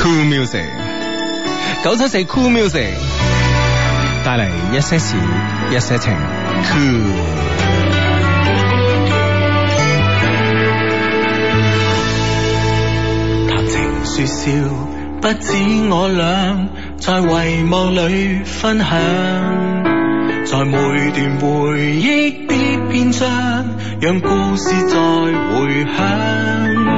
Cool music 九七四 Cool music 帶嚟一些事一些情。Cool 談情說笑，不止我倆在遺忘裏分享，在每段回憶的篇章，讓故事再回響。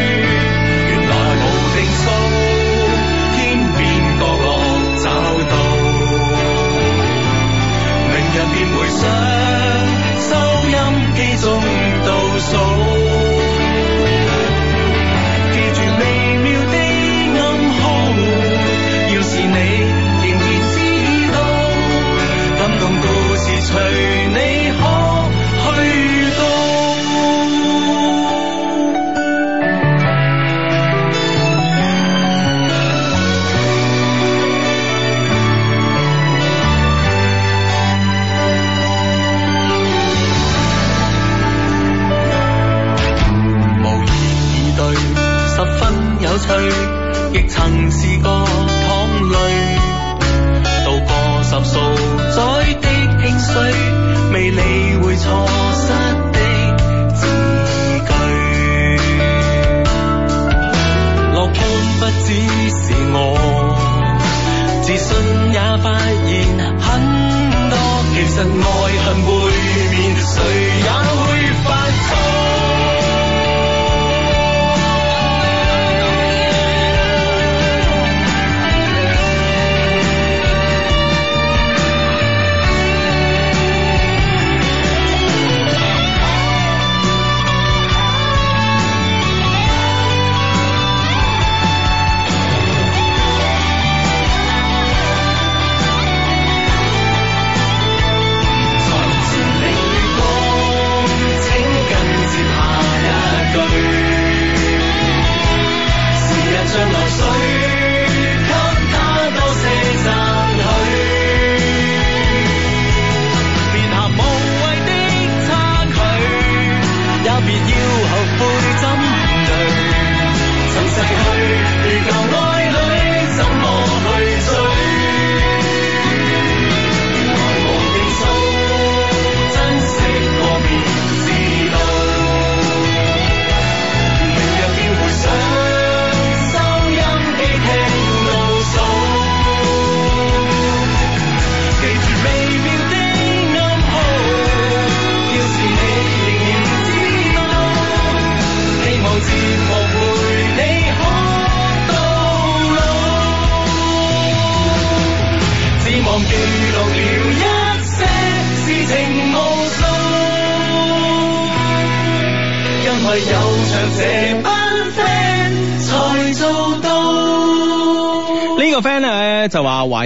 隨你可去到，無言以對，十分有趣，亦曾試過。未理會錯失。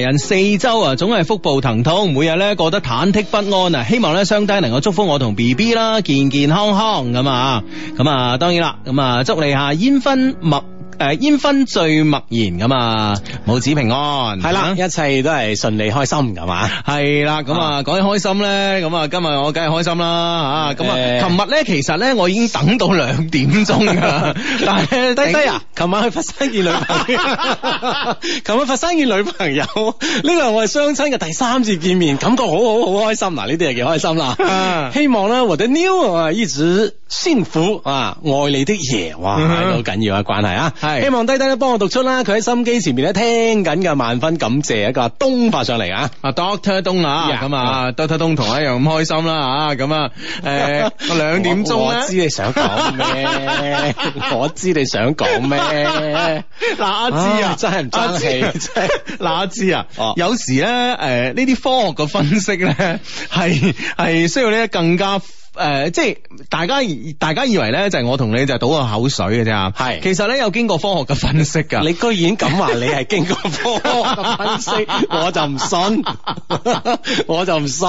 人四周啊，總係腹部疼痛，每日咧過得忐忑不安啊。希望咧雙低能夠祝福我同 B B 啦，健健康康咁啊。咁啊，當然啦，咁啊，祝你下煙熏默誒煙熏醉默然咁啊，母子平安。係、啊、啦，一切都係順利開心咁嘛。係啦，咁啊，講、啊、起開心咧，咁啊，今、嗯、日我梗係開心啦啊。咁啊，琴日咧，其實咧，我已經等到兩點鐘噶，嗯、但係低，低低啊。琴晚去佛山見女朋友，琴晚佛山見女朋友，呢個我哋相親嘅第三次見面，感覺好好好開心。嗱，呢啲係幾開心啦！ 希望咧我的妞啊，new, 一直幸福啊，愛你的爺，哇，好緊、嗯、要嘅關係啊！是希望低低咧幫我讀出啦，佢喺心機前面咧聽緊嘅，萬分感謝一個東發上嚟啊，啊，Doctor 東啊，咁啊，Doctor 東同我一樣咁開心啦啊，咁啊， 誒，兩點鐘我知你想講咩，我知你想講咩。 嗱阿志啊，真係唔爭真係嗱阿志啊，有時咧，誒呢啲科學嘅分析咧，係係需要咧更加。och il ations 誒、呃，即係大家，大家以為咧就係、是、我同你就賭個口水嘅啫係，是其實咧有經過科學嘅分析噶。 你居然敢話，你係經過科學嘅分析， 我就唔信， 我就唔信。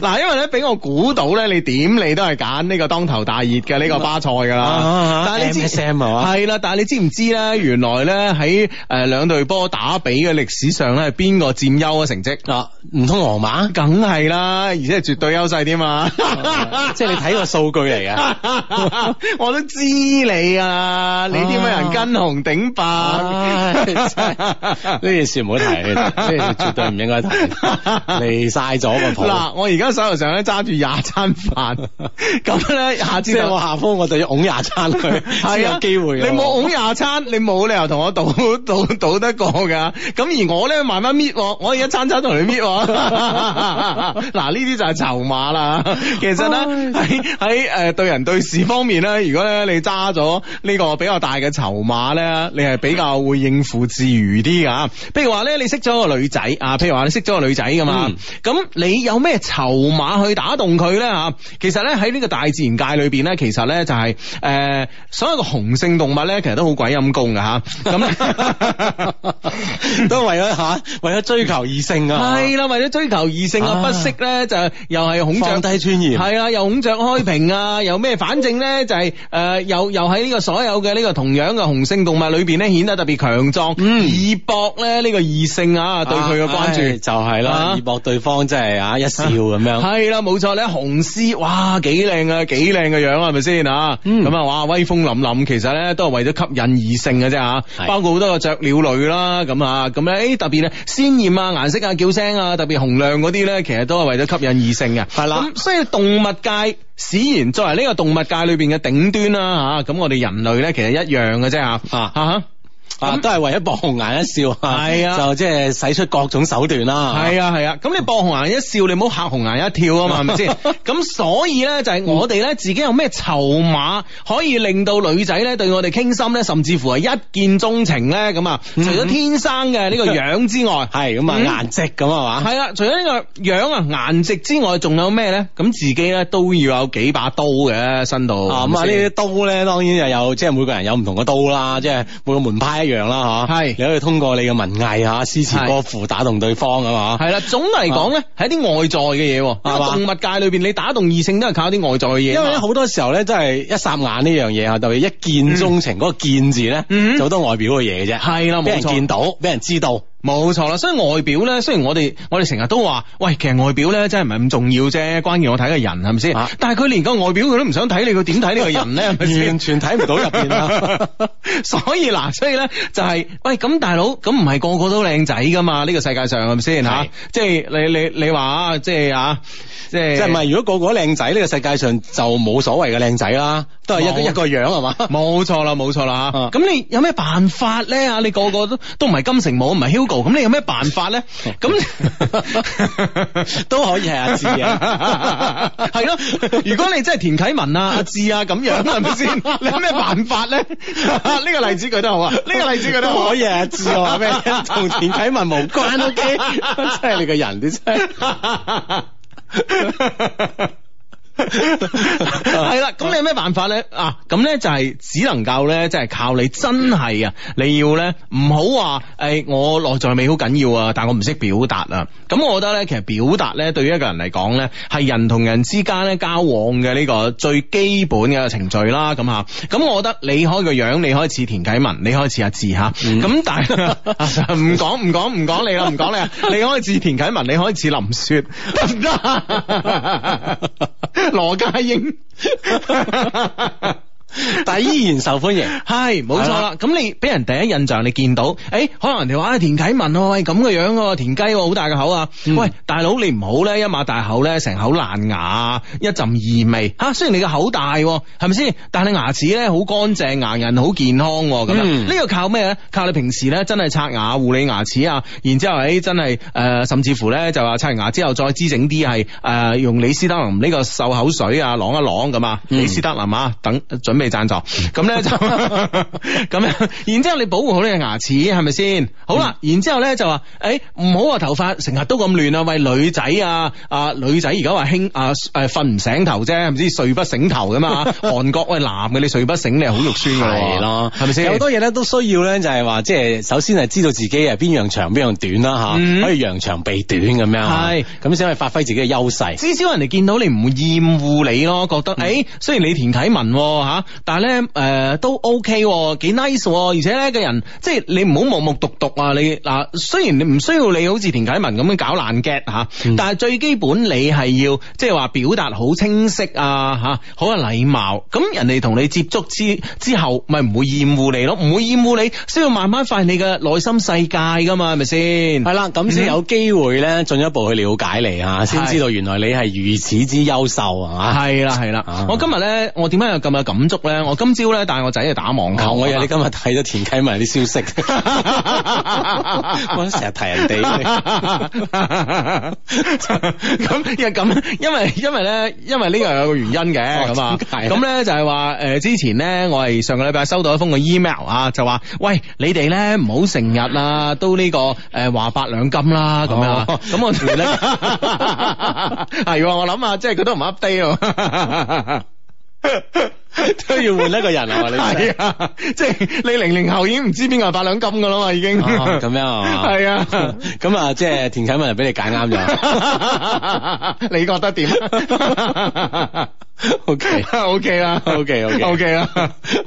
嗱，因為咧俾我估到咧，你點你都係揀呢個當頭大熱嘅呢個巴塞噶啦。嗯啊啊啊、但係你知係啦、啊啊啊啊啊，但係你知唔知咧？原來咧喺誒兩隊波打比嘅歷史上咧，係邊個佔優嘅成績啊？唔通皇馬？梗係啦，而且係絕對優勢添嘛！ 你睇個數據嚟噶， 我都知你啊，你啲咩人跟紅頂白？呢件事唔好提，呢件事絕對唔應該提，嚟晒咗個鋪。嗱， 我而家手頭上咧揸住廿餐飯，咁咧，下次我下鋪我就要拱廿餐佢先 有機會、 啊。你冇拱廿餐，你冇理由同我賭賭賭得過噶。咁而我咧慢慢搣我，我而家餐餐同你搣。嗱、 啊，呢啲就係籌碼啦。 其實咧呢。 喺喺誒對人對事方面咧，如果咧你揸咗呢個比較大嘅籌碼咧，你係比較會應付自如啲嘅。譬如話咧，你識咗個女仔啊，譬如話你識咗個女仔嘅嘛，咁、嗯、你有咩籌碼去打動佢咧嚇？其實咧喺呢個大自然界裏邊咧，其實咧就係、是、誒、呃、所有個雄性動物咧，其實都好鬼陰功嘅嚇。咁 都係為咗嚇、啊，為咗追求異性 啊。係啦，為咗追求異性啊，不惜咧就又係孔雀放低尊嚴，係啊，又着開屏啊，又咩？反正咧就係誒，又又喺呢個所有嘅呢、這個同樣嘅雄性動物裏邊咧，顯得特別強壯，嗯，以博咧呢個異性啊，啊對佢嘅關注、啊、哎哎就係、是、啦，以博對方即係啊一笑咁樣，係啦，冇錯咧，雄獅哇幾靚啊，幾靚嘅樣係咪先啊？咁啊，哇威、嗯嗯、風凛凛，其實咧都係為咗吸引異性嘅啫吓，包括好多嘅雀鳥類啦、啊，咁啊咁咧誒特別咧鮮艷啊顏色啊叫聲啊特別洪亮嗰啲咧，其實都係為咗吸引異性嘅，係啦、嗯嗯，咁所以動物界。史然作為呢個動物界裏邊嘅頂端啦，吓、啊、咁我哋人類咧其實一樣嘅啫，吓、啊、吓。啊啊啊啊，都係為咗博紅顏一笑，係啊，啊就即係使出各種手段啦。係啊，係啊。咁你博紅顏一笑，你唔好嚇紅顏一跳啊嘛，係咪先？咁所以咧，就係、是、我哋咧，自己有咩籌碼可以令到女仔咧對我哋傾心咧，甚至乎係一見鍾情咧？咁啊，除咗天生嘅呢個樣之外，係咁、嗯、啊，顏、嗯、值咁啊，嘛？係啊，除咗呢個樣啊，顏值之外，仲有咩咧？咁自己咧都要有幾把刀嘅身度。咁啊，是是啊呢啲刀咧，當然又有即係每個人有唔同嘅刀啦，即係每個門派。一樣啦，吓是，係你可以通過你嘅文藝吓詩詞歌賦打動對方啊嘛，係啦，總嚟講咧喺啲外在嘅嘢，因為動物界裏邊你打動異性都係靠啲外在嘅嘢，因為咧好多時候咧真係一霎眼呢樣嘢吓，特別一見鍾情嗰個見字咧，就好、嗯、多外表嘅嘢嘅啫，係啦的，冇人見到，俾、嗯、人知道。錯冇錯啦，所以外表咧，雖然我哋我哋成日都話，喂，其實外表咧真係唔係咁重要啫，關鍵我睇嘅人係咪先？是是啊、但係佢連個外表佢都唔想睇你，佢點睇呢個人咧，係咪完全睇唔到入邊啦。所以嗱，所以咧就係、是，喂，咁大佬咁唔係個個都靚仔噶嘛？呢、這個世界上係咪先吓？即係你你你話啊，即係啊，即係即係唔係？如果個個靚仔，呢、這個世界上就冇所謂嘅靚仔啦。都係一個一個樣係嘛？冇錯啦，冇錯啦。咁你有咩辦法咧啊？你個個都都唔係金城武，唔係 Hugo，咁你有咩辦法咧？咁 都可以係阿志嘅，係 咯。如果你真係田啟文啊、阿志啊咁樣，係咪先？ 你有咩辦法咧？呢 個例子舉得好啊，呢、這個例子舉得好 可以阿智、哦。阿志話咩同田啟文無關？O、okay? K， 真係你個人啲。 係啦，咁 你有咩辦法咧？啊，咁咧就係只能夠咧，即係靠你真係啊！你要咧唔好話誒，我內在美好緊要啊，但我唔識表達啊。咁我覺得咧，其實表達咧，對於一個人嚟講咧，係人同人之間咧交往嘅呢個最基本嘅程序啦。咁啊，咁我覺得你開個樣，你開似田啟文，你開似阿志吓。咁、嗯、但係唔講唔講唔講你啦，唔講你，你開似田啟文，你開似林雪。得唔得？羅羅家英。 但係依然受歡迎，係冇錯啦。咁、啊、你俾人第一印象，你見到，誒、欸，可能人哋話啊，田啟文喂，咁嘅樣，樣，田雞，好大嘅口啊。嗯、喂，大佬你唔好咧，一擘大口咧，成口爛牙，一陣異味吓、啊。雖然你嘅口大，係咪先？但係你牙齒咧好乾淨，牙仁好健康，咁啊，呢、嗯、個靠咩咧？靠你平時咧真係刷牙護理牙齒啊。然之後誒、欸，真係誒、呃，甚至乎咧就話刷完牙之後再滋整啲係誒用李斯德林呢個漱口水啊，啷一啷咁啊。李斯德林啊，等準備。準備 贊助咁咧就咁樣， 然之後你保護好你嘅牙齒係咪先？好啦，然之後咧就話，誒唔好話頭髮成日都咁亂啊！喂、呃、女仔啊啊女仔而家話興啊誒瞓唔醒頭啫，唔、呃、知睡不醒頭噶嘛？韓 國喂，男嘅你睡不醒你係好肉酸嘅係咯，係咪先？好多嘢，咧都需要咧，就係話即係首先係知道自己係邊樣長邊樣短啦吓，嗯、可以揚長避短咁樣，係咁先可以發揮自己嘅優勢，至少人哋見到你唔會厭惡你咯，覺得誒、欸、雖然你田啟文吓。啊但係咧，誒，都 O K，幾 nice，而且咧個人，即係你唔好目目獨獨啊！你嗱，雖然你唔需要你好似田啟文咁樣搞爛 gag 吓，但係最基本你係要，即係話表達好清晰啊，吓，好有禮貌。咁人哋同你接觸之之後，咪唔會厭惡你咯，唔會厭惡你，需要慢慢發現你嘅內心世界噶嘛，係咪先？係啦，咁先有機會咧，進一步去了解你啊，先知道原來你係如此之優秀啊嘛！係啦係啦，我今日咧，我點解有咁嘅感觸？咧，我今朝咧帶我仔去打網球。哦，我以為你今日睇咗田啟文啲消息， 我成日提人哋。咁 因為咁，因為因為咧，因為呢個有個原因嘅。咁啊，咁咧就係話誒，之前咧我係上個禮拜收到一封個 email 啊，就話喂，你哋咧唔好成日啊都呢個誒話八兩金啦咁樣。咁，哦，我同你咧係我諗啊，即係佢都唔 update。 都要換一個人啊！你係啊，即係你零零後已經唔知邊個係八兩金噶啦嘛，已經咁樣係啊，咁是啊、 嗯，即係田啟文俾你揀啱咗，你覺得點？O K O K 啦，O K O K 啦，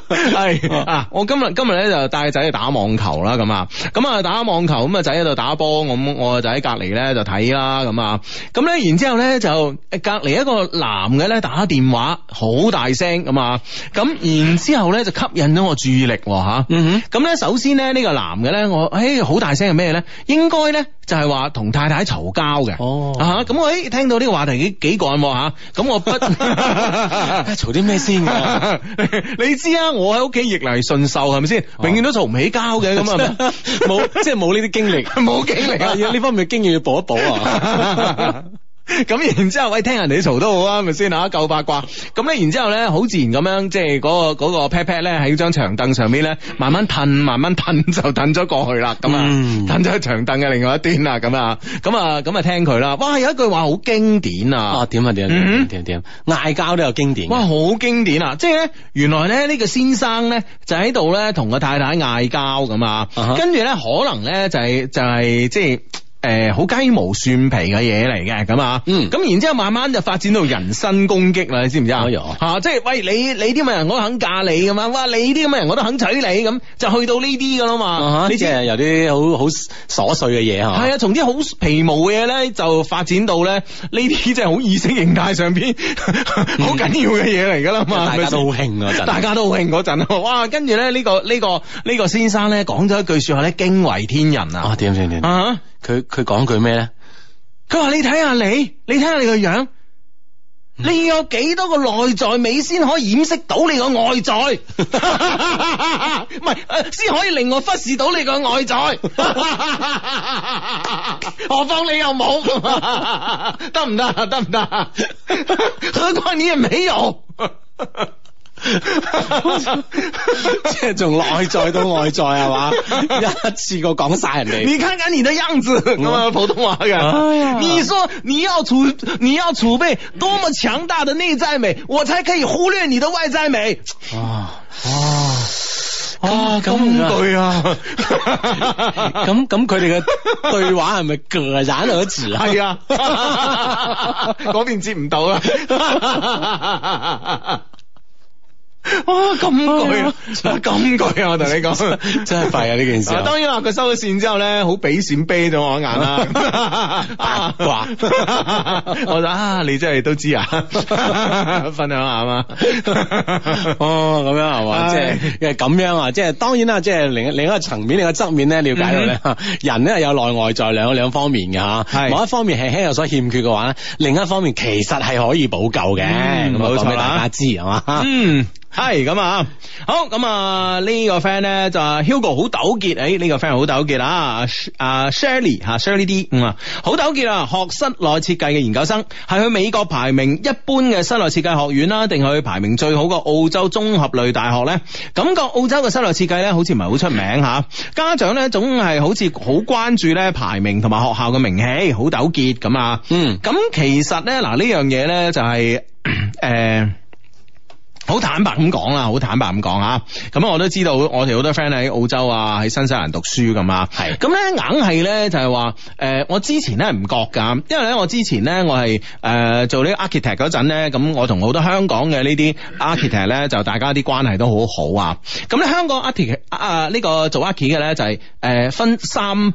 係啊，我今日今日咧就帶仔去打網球啦，咁啊，咁啊打網球，咁啊仔喺度打波，咁我仔喺隔籬咧就睇啦，咁啊，咁咧然之後咧就隔籬一個男嘅咧打電話，好大聲咁啊！咁然之後咧就吸引咗我注意力吓，咁、啊、咧、嗯、哼首先咧呢、呢個男嘅咧我誒好、欸、大聲係咩咧？應該咧就係話同太太嘈交嘅，哦、啊，吓咁我誒聽到呢個話題幾幾勁啊吓，咁、嗯、我不嘈啲咩先？ 你知啊，我喺屋企逆來順受係咪先？永遠都嘈唔起交嘅咁啊，冇 即係冇呢啲經歷，冇 經歷啊，呢方面嘅經驗要補一補啊。 咁然之後，喂，聽人哋嘈都好啊，咪先吖，夠八卦。咁咧，然之後咧，好自然咁樣，即係嗰個嗰個 pat pat 咧喺張長凳上邊咧，慢慢褪，慢慢褪， 就褪咗過去啦。咁啊、嗯，褪咗去長凳嘅另外一端啦。咁啊，咁啊，咁啊，聽佢啦。哇，有一句話好經典啊。點啊點啊點啊點啊點，嗌交都有經典。哇，好經典啊！即係咧，原來咧呢個先生咧就喺度咧同個太太嗌交咁啊。跟住咧，可能咧就係、係、就係即係。就係就係誒，好雞毛蒜皮嘅嘢嚟嘅，咁啊，嗯，咁然之後慢慢就發展到人身攻擊啦，你知唔知啊？吓，即係喂，你，你啲咁嘅人我都肯嫁你噶嘛？哇，你啲咁嘅人我都肯娶你咁，就去到呢啲噶啦嘛。即係有啲好好瑣碎嘅嘢啊。係啊，從啲好皮毛嘅嘢咧就發展到咧呢啲，即係好意識形態上邊好緊要嘅嘢嚟噶啦嘛。大家都好興嗰陣，大家都好興嗰陣哇。跟住咧呢個呢個呢個先生咧講咗一句說話咧，驚為天人啊！點點點啊！佢佢講句咩咧？佢話你睇下你，你睇下你，樣、嗯、你個樣，你要有幾多個內在美先可以掩飾到你個外在，唔 係，先可以令我忽視到你個外在， 何況你又冇，得唔得？得唔得？何況你也沒有。 即係從內在到外在係嘛，一次過講晒人哋。你看看你的樣子，我話 普通話嘅、哎呀，你說你要儲你要儲備多麼強大的內在美，我才可以忽略你的外在美。啊啊 啊咁唔對啊！咁咁佢哋嘅對話係咪戛然而止啊？係呀，嗰邊接唔到啦。哇，咁攰啊！咁攰啊！我同你講，真係廢啊呢件事。當然啦，佢收咗線之後咧，好俾線啤咗我眼啦。哇！我話啊，你真係都知啊，分享下嘛。哦，咁樣係嘛，即係因為咁樣啊，即係當然啦，即係另一另一個層面，另一個側面咧，了解到咧，人咧有內外在兩兩方面嘅吓。係，某一方面係輕有所欠缺嘅話咧，另一方面其實係可以補救嘅。咁啊，講俾大家知係嘛。嗯。係咁啊，好咁啊、這個、呢個 friend 咧就係、是、Hugo 好糾結，誒、哎、呢、這個 friend 好糾結啊，Shirley, 啊 Shirley 吓 Shirley 啲，D, 嗯好糾結啊。學室內設計嘅研究生係去美國排名一般嘅室內設計學院啦，定係去排名最好嘅澳洲綜合類大學咧？感、那、覺、個、澳洲嘅室內設計咧好似唔係好出名吓，家長咧總係好似好關注咧排名同埋學校嘅名氣，好糾結咁啊，嗯咁、嗯、其實咧嗱呢樣嘢咧就係、是、誒。呃。好坦白咁講啦，好坦白咁講啊，咁、嗯、我都知道，我哋好多 friend 喺澳洲啊，喺新西蘭讀書咁啊，係是，咁咧硬係咧就係話，誒、呃、我之前咧唔覺㗎，因為咧我之前咧我係誒、呃、做呢個 architect 嗰陣咧，咁、嗯、我同好多香港嘅呢啲 architect 咧，就大家啲關係都好好啊，咁、嗯、咧、嗯、香港 architect 啊呢、這個做 architect 咧就係、是、誒、呃、分三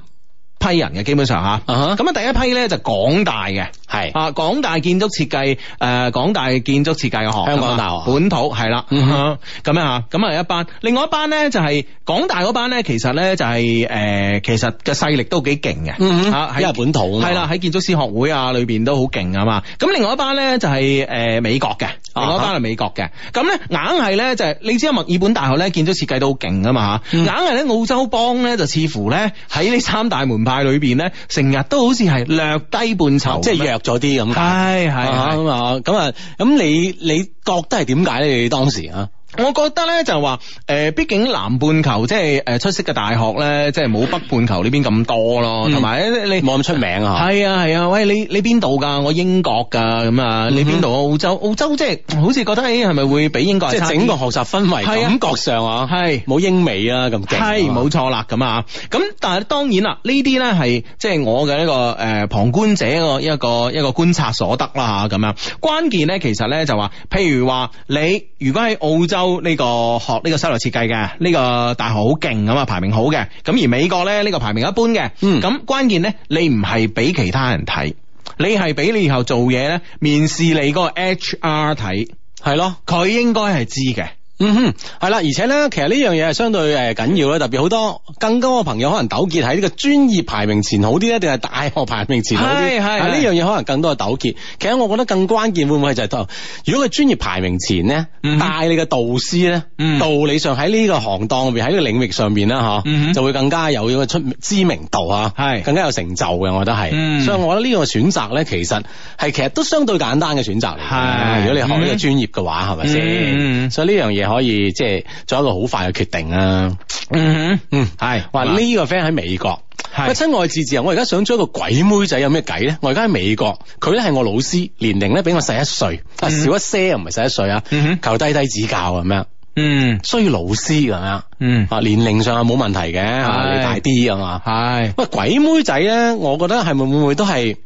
批人嘅基本上吓，咁啊、uh huh. 第一批咧就港大嘅，係啊港大建築設計誒港大建築設計嘅學香港大學本土係啦，咁樣吓，咁啊、uh huh. 嗯嗯、一班，另外一班咧就係、是、港大嗰班咧、就是呃，其實咧就係誒其實嘅勢力都幾勁嘅，吓、uh，因、huh. 為在本土係啦喺建築師學會啊裏邊都好勁啊嘛，咁、uh huh. 另外一班咧就係、是、誒、呃、美國嘅，另外一班係美國嘅，咁咧硬係咧就係、是、你知墨爾本大學咧建築設計都好勁啊嘛硬係咧澳洲幫咧就似乎咧喺呢三大門派。裏邊咧，成日都好似係略低半籌，即係弱咗啲咁。係係咁啊咁啊咁，你你覺得係點解咧你當時啊？我覺得咧就話誒，畢、呃、竟南半球即係誒，出色嘅大學咧，即係冇北半球呢邊咁多咯，同埋、嗯、你冇咁出名啊。係啊係啊，喂你你邊度噶？我英國噶咁啊，嗯、哼你邊度？澳洲澳洲即係好似覺得誒，係咪會比英國即係整個學習氛圍感覺上啊？係冇我是英美啊。咁。係冇錯啦咁啊，咁但係當然啦，呢啲咧係即係我嘅一個誒旁觀者一個一個一個觀察所得啦吓咁樣。關鍵咧其實咧就話、是，譬如話你如果喺澳洲。呢個學呢個室內設計嘅呢個大學好勁咁啊，排名好嘅。咁而美國咧呢個排名一般嘅。嗯，咁關鍵咧，你唔係俾其他人睇，你係俾你以後做嘢咧面試你個 H R 睇，嗯，係咯，佢應該係知嘅。嗯哼，係啦、mm hmm.，而且咧，其實呢樣嘢係相對誒緊、呃、要咧，特別好多更多嘅朋友可能糾結喺呢個專業排名前好啲一定係大學排名前好啲，係呢樣嘢可能更多嘅糾結。其實我覺得更關鍵會唔會就係、當，如果佢專業排名前呢，帶、mm hmm. 你嘅導師咧，mm hmm. 道理上喺呢個行當入邊喺呢個領域上邊咧，吓、mm hmm. 啊、就會更加有嘅出知名度吓，係、mm hmm. 啊、更加有成就嘅。我覺得係，mm hmm. 所以我覺得呢個選擇咧，其實係其，其實都相對簡單嘅選擇嚟係如果你學呢個專業嘅話，係咪先？Mm hmm. 所以呢樣嘢可以即係做一個好快嘅決定啊。Mm hmm. 嗯，嗯係話呢個 friend 喺美國，係親是愛自治啊。我而家想追一個鬼妹仔有咩計咧？我而家喺美國，佢咧係我老師，年齡咧比我細一歲啊，mm hmm. 少一些又唔係細一歲啊。求、mm hmm. 低低指教咁樣，嗯，需要、mm hmm. 老師咁樣，嗯啊，mm hmm. 年齡上係冇問題嘅，係大啲啊嘛，係、hmm. 喂鬼妹仔咧，我覺得係咪會唔會都係？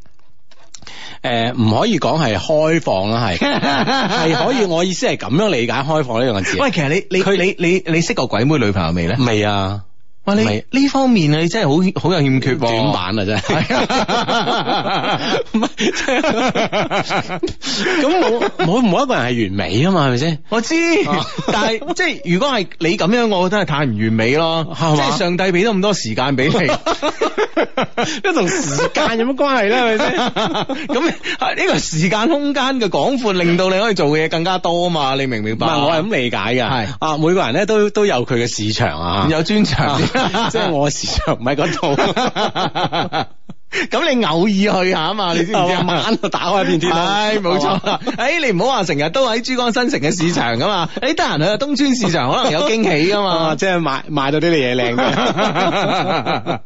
誒、唔、呃、可以講係開放啦，係係 可以，我意思係咁樣理解開放呢樣字。喂，其實你你佢 你你你識過鬼妹女朋友未咧？未啊。喂，呢呢方面你真係好好有欠缺，短板啊，真係。唔係，咁冇冇冇一個人係完美啊嘛，係咪先？我知，但係即係如果係你咁樣，我覺得係太唔完美咯，即係上帝俾咗咁多時間俾你，即係同時間有乜關係咧？係咪先？咁呢個時間空間嘅廣闊，令到你可以做嘅嘢更加多啊嘛，你明唔明白？我係咁理解㗎，係啊，每個人咧都都有佢嘅市場啊，有專長。即係我市場唔喺嗰度，咁 你偶爾去下啊嘛，你知唔知啊？ 晚都打開邊啲。唉，冇錯。唉、 哎，你唔好話成日都喺珠江新城嘅市場噶嘛。唉、啊，得閒去東村市場可能有驚喜噶嘛， 即係買買到啲嘢靚嘅。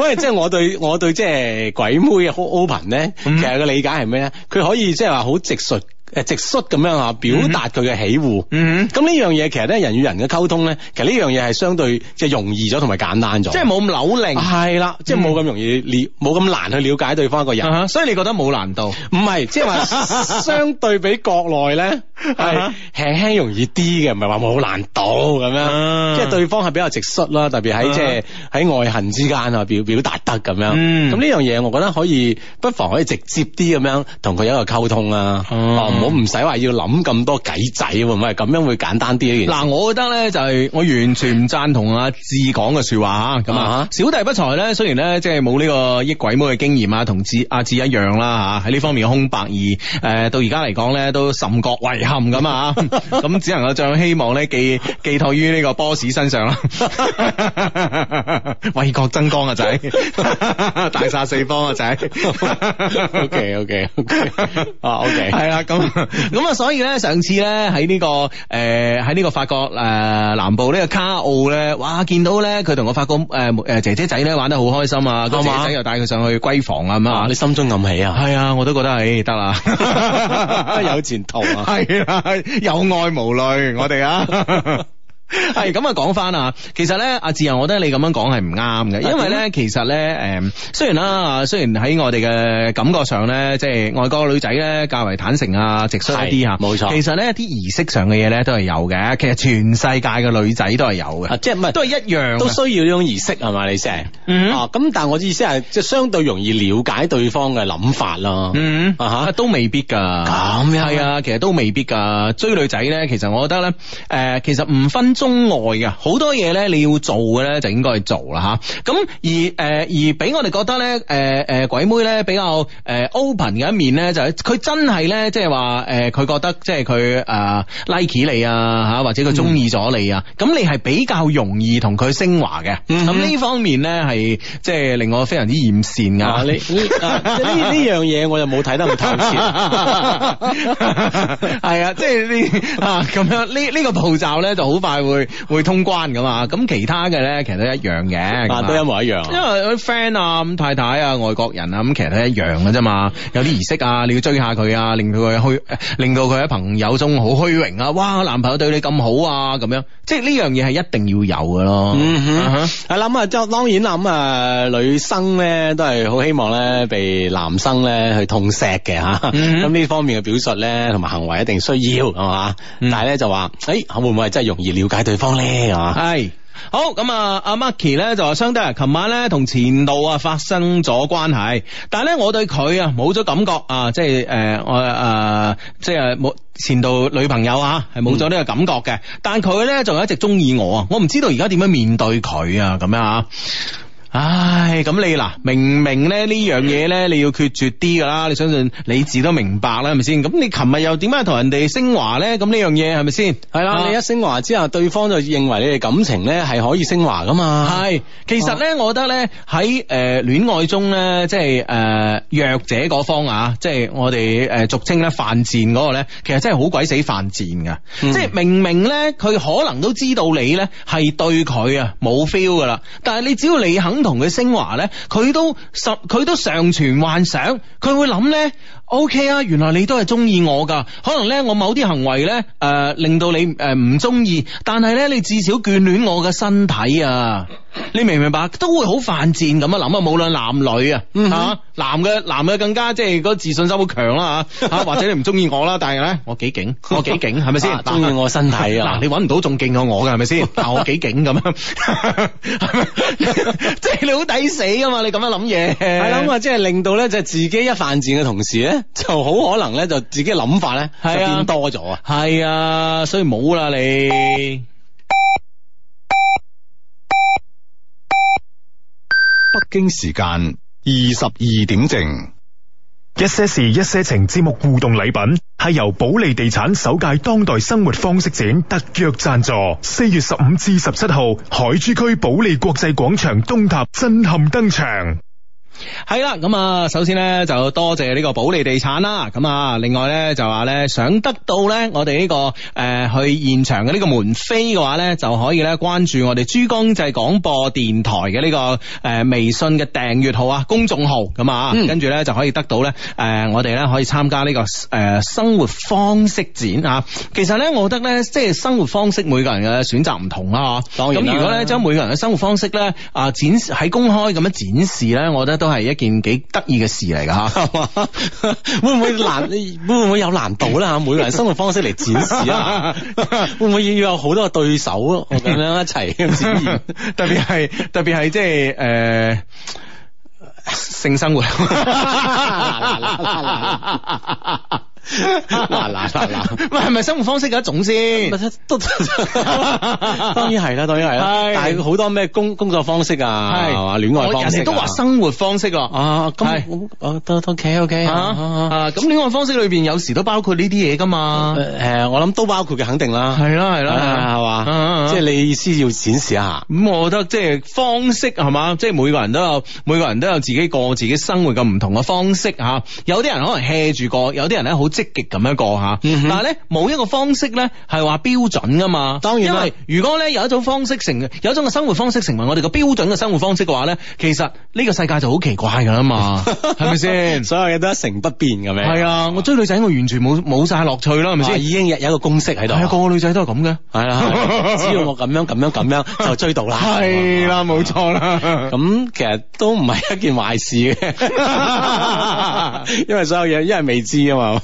喂，即係我對我對即係鬼妹好 open 咧，其實個理解係咩咧？佢 可以即係話好直述。誒，直率咁、嗯、哼樣吓，表達佢嘅喜惡。嗯，咁呢樣嘢其實咧，人與人嘅溝通咧，其實呢樣嘢係相對即係容易咗同埋簡單咗。即係冇咁扭擰。係啦，即係冇咁容易了，了，冇咁，啊嗯、難去了解對方一個人，啊。所以你覺得冇難度？唔係，啊，即係話相對比國內咧，係輕輕容易啲嘅，唔係話冇難度咁樣。啊對方係比較直率啦，特別喺即係喺愛恨之間啊表表達得咁樣。咁呢、嗯、樣嘢，我覺得可以不妨可以直接啲咁樣同佢一個溝通啦，唔好唔使話要諗咁多計仔，會唔會係咁樣會簡單啲。嗱、啊，我覺得咧就係、是、我完全唔贊同阿志講嘅説話嚇，咁啊，啊小弟不才咧，雖然咧即係冇呢個益鬼妹嘅經驗啊，同志阿志一樣啦嚇，喺呢方面空白二，誒、啊，到而家嚟講咧都甚覺遺憾咁啊，咁 只能夠將希望咧寄寄託於呢個波士。身上啦，為國爭光啊仔， 大殺四方啊仔。O K O K O K，啊 O K，係啊咁咁啊，所以咧上次咧喺呢個誒喺呢個法國誒南部呢個卡奧咧，哇見到咧佢同我法國誒誒姐姐仔咧玩得好開心啊，姐姐仔，嗎姐仔又帶佢上去閨房啊咁啊，嗯、嗎你心中暗喜啊，係啊 我都覺得係得啦，欸啊、 有前途啊，係有愛無淚我哋啊。 係咁啊！講翻啊，其實咧，阿、啊、自由，我覺得你咁樣講係唔啱嘅，因為咧，其實咧，誒，雖然啦，啊，雖然喺我哋嘅感覺上咧，即係外國女仔咧，較為坦誠啊，直率啲吓，冇錯。錯其實咧，一啲儀式上嘅嘢咧都係有嘅，其實全世界嘅女仔都係有嘅，啊，即係唔係都係一樣，都需要呢種儀式係嘛？你先，嗯、mm，咁、hmm. 啊、但係我意思係即係相對容易了解對方嘅諗法咯，嗯都未必噶，咁樣係啊，其實都未必噶，追女仔咧，其實我覺得咧，誒、呃，其實唔分。中外嘅好多嘢咧，你要做嘅咧就應該去做啦吓。咁、啊、而誒而俾我哋覺得咧，誒、呃、誒、呃、鬼妹咧比較誒 open 嘅一面咧，就係佢真係咧，即係話誒佢覺得即係佢誒 like 你啊吓，或者佢中意咗你啊。咁、嗯、你係比較容易同佢升華嘅。咁呢、嗯、方面咧係即係令我非常之艷羨啊！呢呢呢呢樣嘢我就冇睇得咁透徹。係啊， 即係呢啊咁、 啊、樣呢呢、這個步驟咧就好快。會會通關噶嘛？咁其他嘅咧，其實都一樣嘅，都一模一樣。因為啲 friend 啊、咁太太啊、外國人啊，咁其實都一樣噶啫嘛。有啲儀式啊，你要追下佢啊，令佢去，令到佢喺朋友中好虛榮啊。哇，男朋友對你咁好啊，咁樣，即係呢樣嘢係一定要有噶咯。嗯哼，係啦，咁啊，當然啦，咁啊，女生咧都係好希望咧被男生咧去痛錫嘅吓。咁呢方面嘅表述，咧同埋行為一定需要係咪？但係咧就話，誒，會唔會係真係容易了解？解對方咧，係係好咁啊！阿 Marky 咧就話：，兄弟，琴晚咧同前度啊發生咗關係，但係咧我對佢啊冇咗感覺啊，即係誒，誒，即係冇前度女朋友啊，係冇咗呢個感覺嘅。嗯、但係佢咧仲一直中意我啊，我唔知道而家點樣面對佢啊，咁樣啊。唉，咁你嗱，明明咧呢樣嘢咧，你要決絕啲噶啦，你相信你自都明白啦，係咪先？咁你琴日又點解同人哋升華咧？咁呢樣嘢係咪先？係啦，的啊、你一升華之後，對方就認為你哋感情咧係可以升華噶嘛？係，其實咧，啊、我覺得咧喺誒戀愛中咧，即係誒、呃、弱者嗰方啊，即係我哋誒俗稱咧犯賤嗰個咧，其實真係好鬼死犯賤噶，嗯、即係明明咧佢可,可能都知道你咧係對佢啊冇 feel 噶啦，feeling, 但係你只要你肯。同佢升華咧，佢都十，佢都尚存幻想，佢會諗咧。O K 啊，okay, 原來你都係中意我噶，可能咧我某啲行為咧誒、呃、令到你誒唔中意，但係咧你至少眷戀我嘅身體啊，你明唔明白？都會好犯賤咁、嗯、哼啊，諗啊，無論男女啊，吓男嘅男嘅更加即係、個自信心好強啦吓，或者你唔中意我啦，但係咧我幾勁，我幾勁係咪先？中意我，是是、 啊、我身體啊，嗱、啊、你搵唔到仲勁過我嘅係咪先？嗱、啊、我幾勁咁樣，即係你好抵死啊嘛，你咁樣諗嘢，係諗啊，即、就、係、是、令到咧就係自己一犯賤嘅同時咧。就好可能咧，就自己諗法咧，係變多咗啊，係啊，所以冇啦你。北京時間二十二點正，一些事一些情節目互動禮品係由保利地產首屆當代生活方式展特約贊助，四月十五至十七號海珠區保利國際廣場東塔震撼登場。係啦，咁啊，首先咧就多謝呢個保利地產啦。咁啊，另外咧就話咧想得到咧我哋呢、這個誒、呃、去現場嘅呢個門飛嘅話咧，就可以咧關注我哋珠江濟廣播電台嘅呢、這個誒、呃、微信嘅訂閱號啊公眾號。咁啊，嗯、跟住咧就可以得到咧誒、呃、我哋咧可以參加呢、這個誒、呃、生活方式展啊。其實咧，我覺得咧即係生活方式，每個人嘅選擇唔同、啊、當然啦。咁如果咧將每個人嘅生活方式咧啊展示喺公開咁樣展示咧，我覺得都都係一件幾得意嘅事嚟噶，係 會唔會難？ 會唔會有難度咧？吓，每個人生活方式嚟展示啊？ 會唔會要有好多個對手咁樣一齊展現？ 特別係特別係即係誒，性生活。 嗱嗱嗱，唔係咪生活方式嘅一種先？當然係啦，當然係啦。但係好多咩工工作方式啊，係嘛？戀愛方式，我人哋都話生活方式啊，啊，咁都都 OK OK 咁戀愛方式裏邊有時都包括呢啲嘢噶嘛？誒，我諗都包括嘅，肯定啦。係啦係啦，係嘛？即係你意思要展示一下。咁我覺得即係方式係嘛？即係每個人都有每個人都有自己過自己生活嘅唔同嘅方式嚇。有啲人可能 hea 住過，有啲人咧好。積極咁樣過吓，但係咧冇一個方式咧係話標準噶嘛。當然，因為如果咧有一種方式成，有一種嘅生活方式成為我哋嘅標準嘅生活方式嘅話咧，其實呢個世界就好奇怪噶啦嘛，係咪先？所有嘢都一成不變咁樣？係啊，我追女仔我完全冇冇晒樂趣咯，係咪先？已經有一個公式喺度。係啊，個個女仔都係咁嘅，係啦，只要我咁樣咁樣咁樣就追到啦。係啦，冇錯啦。咁其實都唔係一件壞事嘅，因為所有嘢因為未知啊嘛。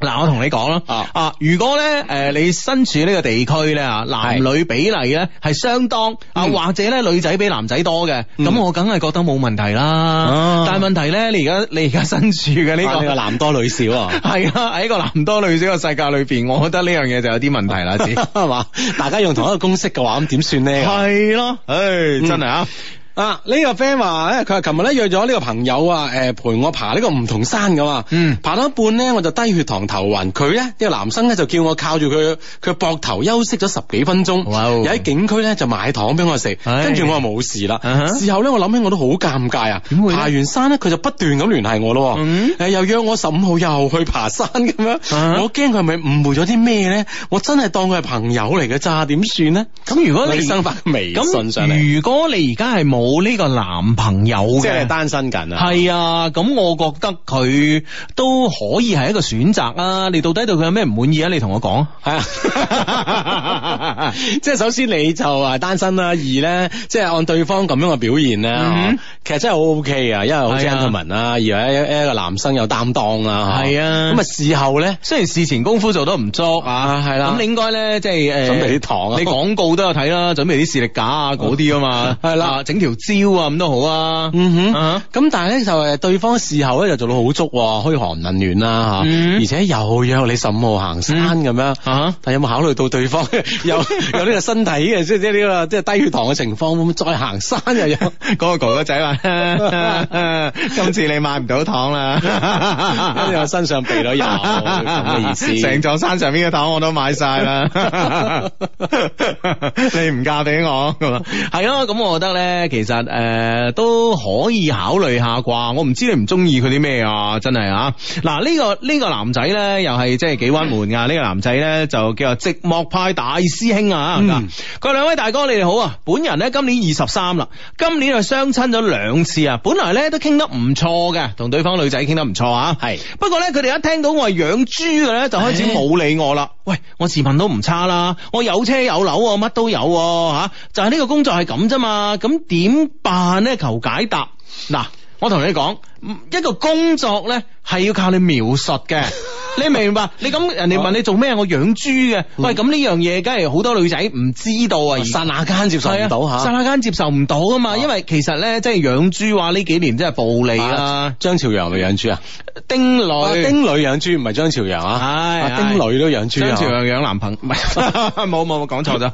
嗱，我同你講啦。啊，如果咧，誒，你身處呢個地區咧，啊，男女比例咧係相當，啊，或者咧女仔比男仔多嘅，咁我梗係覺得冇問題啦。但係問題咧，你而家你而家身處嘅呢、呢個啊 啊、個男多女少，啊，係喺個男多女少嘅世界裏邊，我覺得呢樣嘢就有啲問題啦，係嘛 己？ 大家用同一個公式嘅話，咁點算咧？係咯、啊，唉，真係啊！嗯啊！呢個 friend 話咧，佢係琴日咧約咗呢個朋友啊，誒、呃、陪我爬呢個梧桐山㗎嘛。嗯，爬到一半咧，我就低血糖頭暈，佢咧呢、呢個男生咧就叫我靠住佢佢膊頭休息咗十幾分鐘。有喺、哦、景區咧就買糖俾我食，跟住、哎、呀我話冇事啦。啊、哈事後咧我諗起我都好尷尬啊！爬完山咧佢就不斷咁聯繫我咯，嗯、又約我十五號又去爬山咁樣。啊、哈我驚佢係咪誤會咗啲咩咧？我真係當佢係朋友嚟嘅咋？點算咧？咁如果你生發微信上嚟，如果你而家係冇。冇呢個男朋友即係單身緊啊？係啊，咁我覺得佢都可以係一個選擇啊。你到底對佢有咩唔滿意啊？你同我講。係啊，即係首先你就啊單身啦，二咧即係按對方咁樣嘅表現咧，其實真係好 O K 啊，因為好 gentleman 啊，而一一個男生有擔當啊。係啊，咁啊事後咧，雖然事前功夫做得唔足啊，係啦，咁你應該咧即係誒，準備啲糖啊，你廣告都有睇啦，準備啲士力架啊嗰啲啊嘛，係啦，整條。招啊咁都好啊，嗯、啊、哼，咁但係咧就係對方事後咧就做到好足，啊，噓寒問暖啦吓，而且又約你十五號行山咁樣，吓，啊，但有冇考慮到對方有有呢個身體嘅即係呢個即係低血糖嘅情況，再行山又有嗰個哥哥仔話，今次你買唔到糖啦，因為我身上備咗有。咩意思？成座山上邊嘅糖我都買晒啦，你唔嫁俾我咁啊？係，咁我覺得咧其其實誒都可以考慮下啩，我唔知你唔中意佢啲咩啊，真係啊！嗱呢個呢個男仔咧，又係即係幾溫文噶。呢個男仔咧就叫做寂寞派大師兄啊！佢兩位大哥你哋好啊，本人咧今年二十三啦，今年又相親咗兩次啊。本來咧都傾得唔錯嘅，同對方女仔傾得唔錯啊。係不過咧，佢哋一聽到我係養豬嘅咧，就開始冇理我啦。喂，我自問都唔差啦，我有車有樓，乜都有吓，就係呢個工作係咁啫嘛。咁點？點辦呢？求解答。嗱，我同你講。一個工作咧係要靠你描述嘅，你明唔明白？你咁人哋問你做咩？我養豬嘅，喂，咁呢樣嘢，梗係好多女仔唔知道啊！剎那間接受唔到吓，剎那間接受唔到啊嘛？因為其實咧，即係養豬話呢幾年真係暴利啊！張朝陽咪養豬啊？丁磊？丁磊養豬唔係張朝陽啊？係，丁磊都養豬。張朝陽養男朋，唔係，冇冇冇，講錯咗。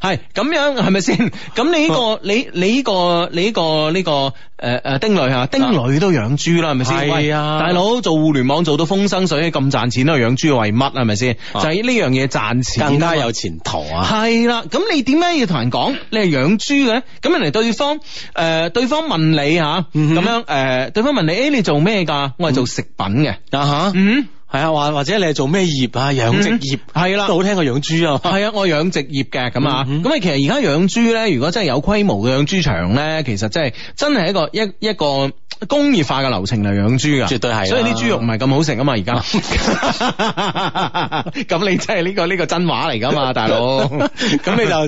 係咁樣，係咪先？咁你呢個，你你呢個，你呢個呢個，誒誒，丁磊係嘛？丁磊。佢都養豬啦，係咪先？係啊，大佬做互聯網做到風生水起，咁賺錢啦。養豬為乜啊？係咪先？就係呢樣嘢賺錢，更加有前途啊！係啦，咁、啊、你點解要同人講你係養豬嘅？咁人哋對方，誒對方問你嚇，咁樣誒對方問你，誒、嗯哼呃、你，你做咩噶？我係做食品嘅，啊嚇、嗯哼，嗯。係啊，或或者你係做咩業啊？養殖業係啦，都好聽過養豬啊。係啊，我養殖業嘅咁啊。咁你其實而家養豬咧，如果真係有規模嘅養豬場咧，其實真係真係一個一一個工業化嘅流程嚟養豬噶。絕對係。所以啲豬肉唔係咁好食啊嘛。而家咁你真係呢個呢個真話嚟噶嘛，大佬。咁你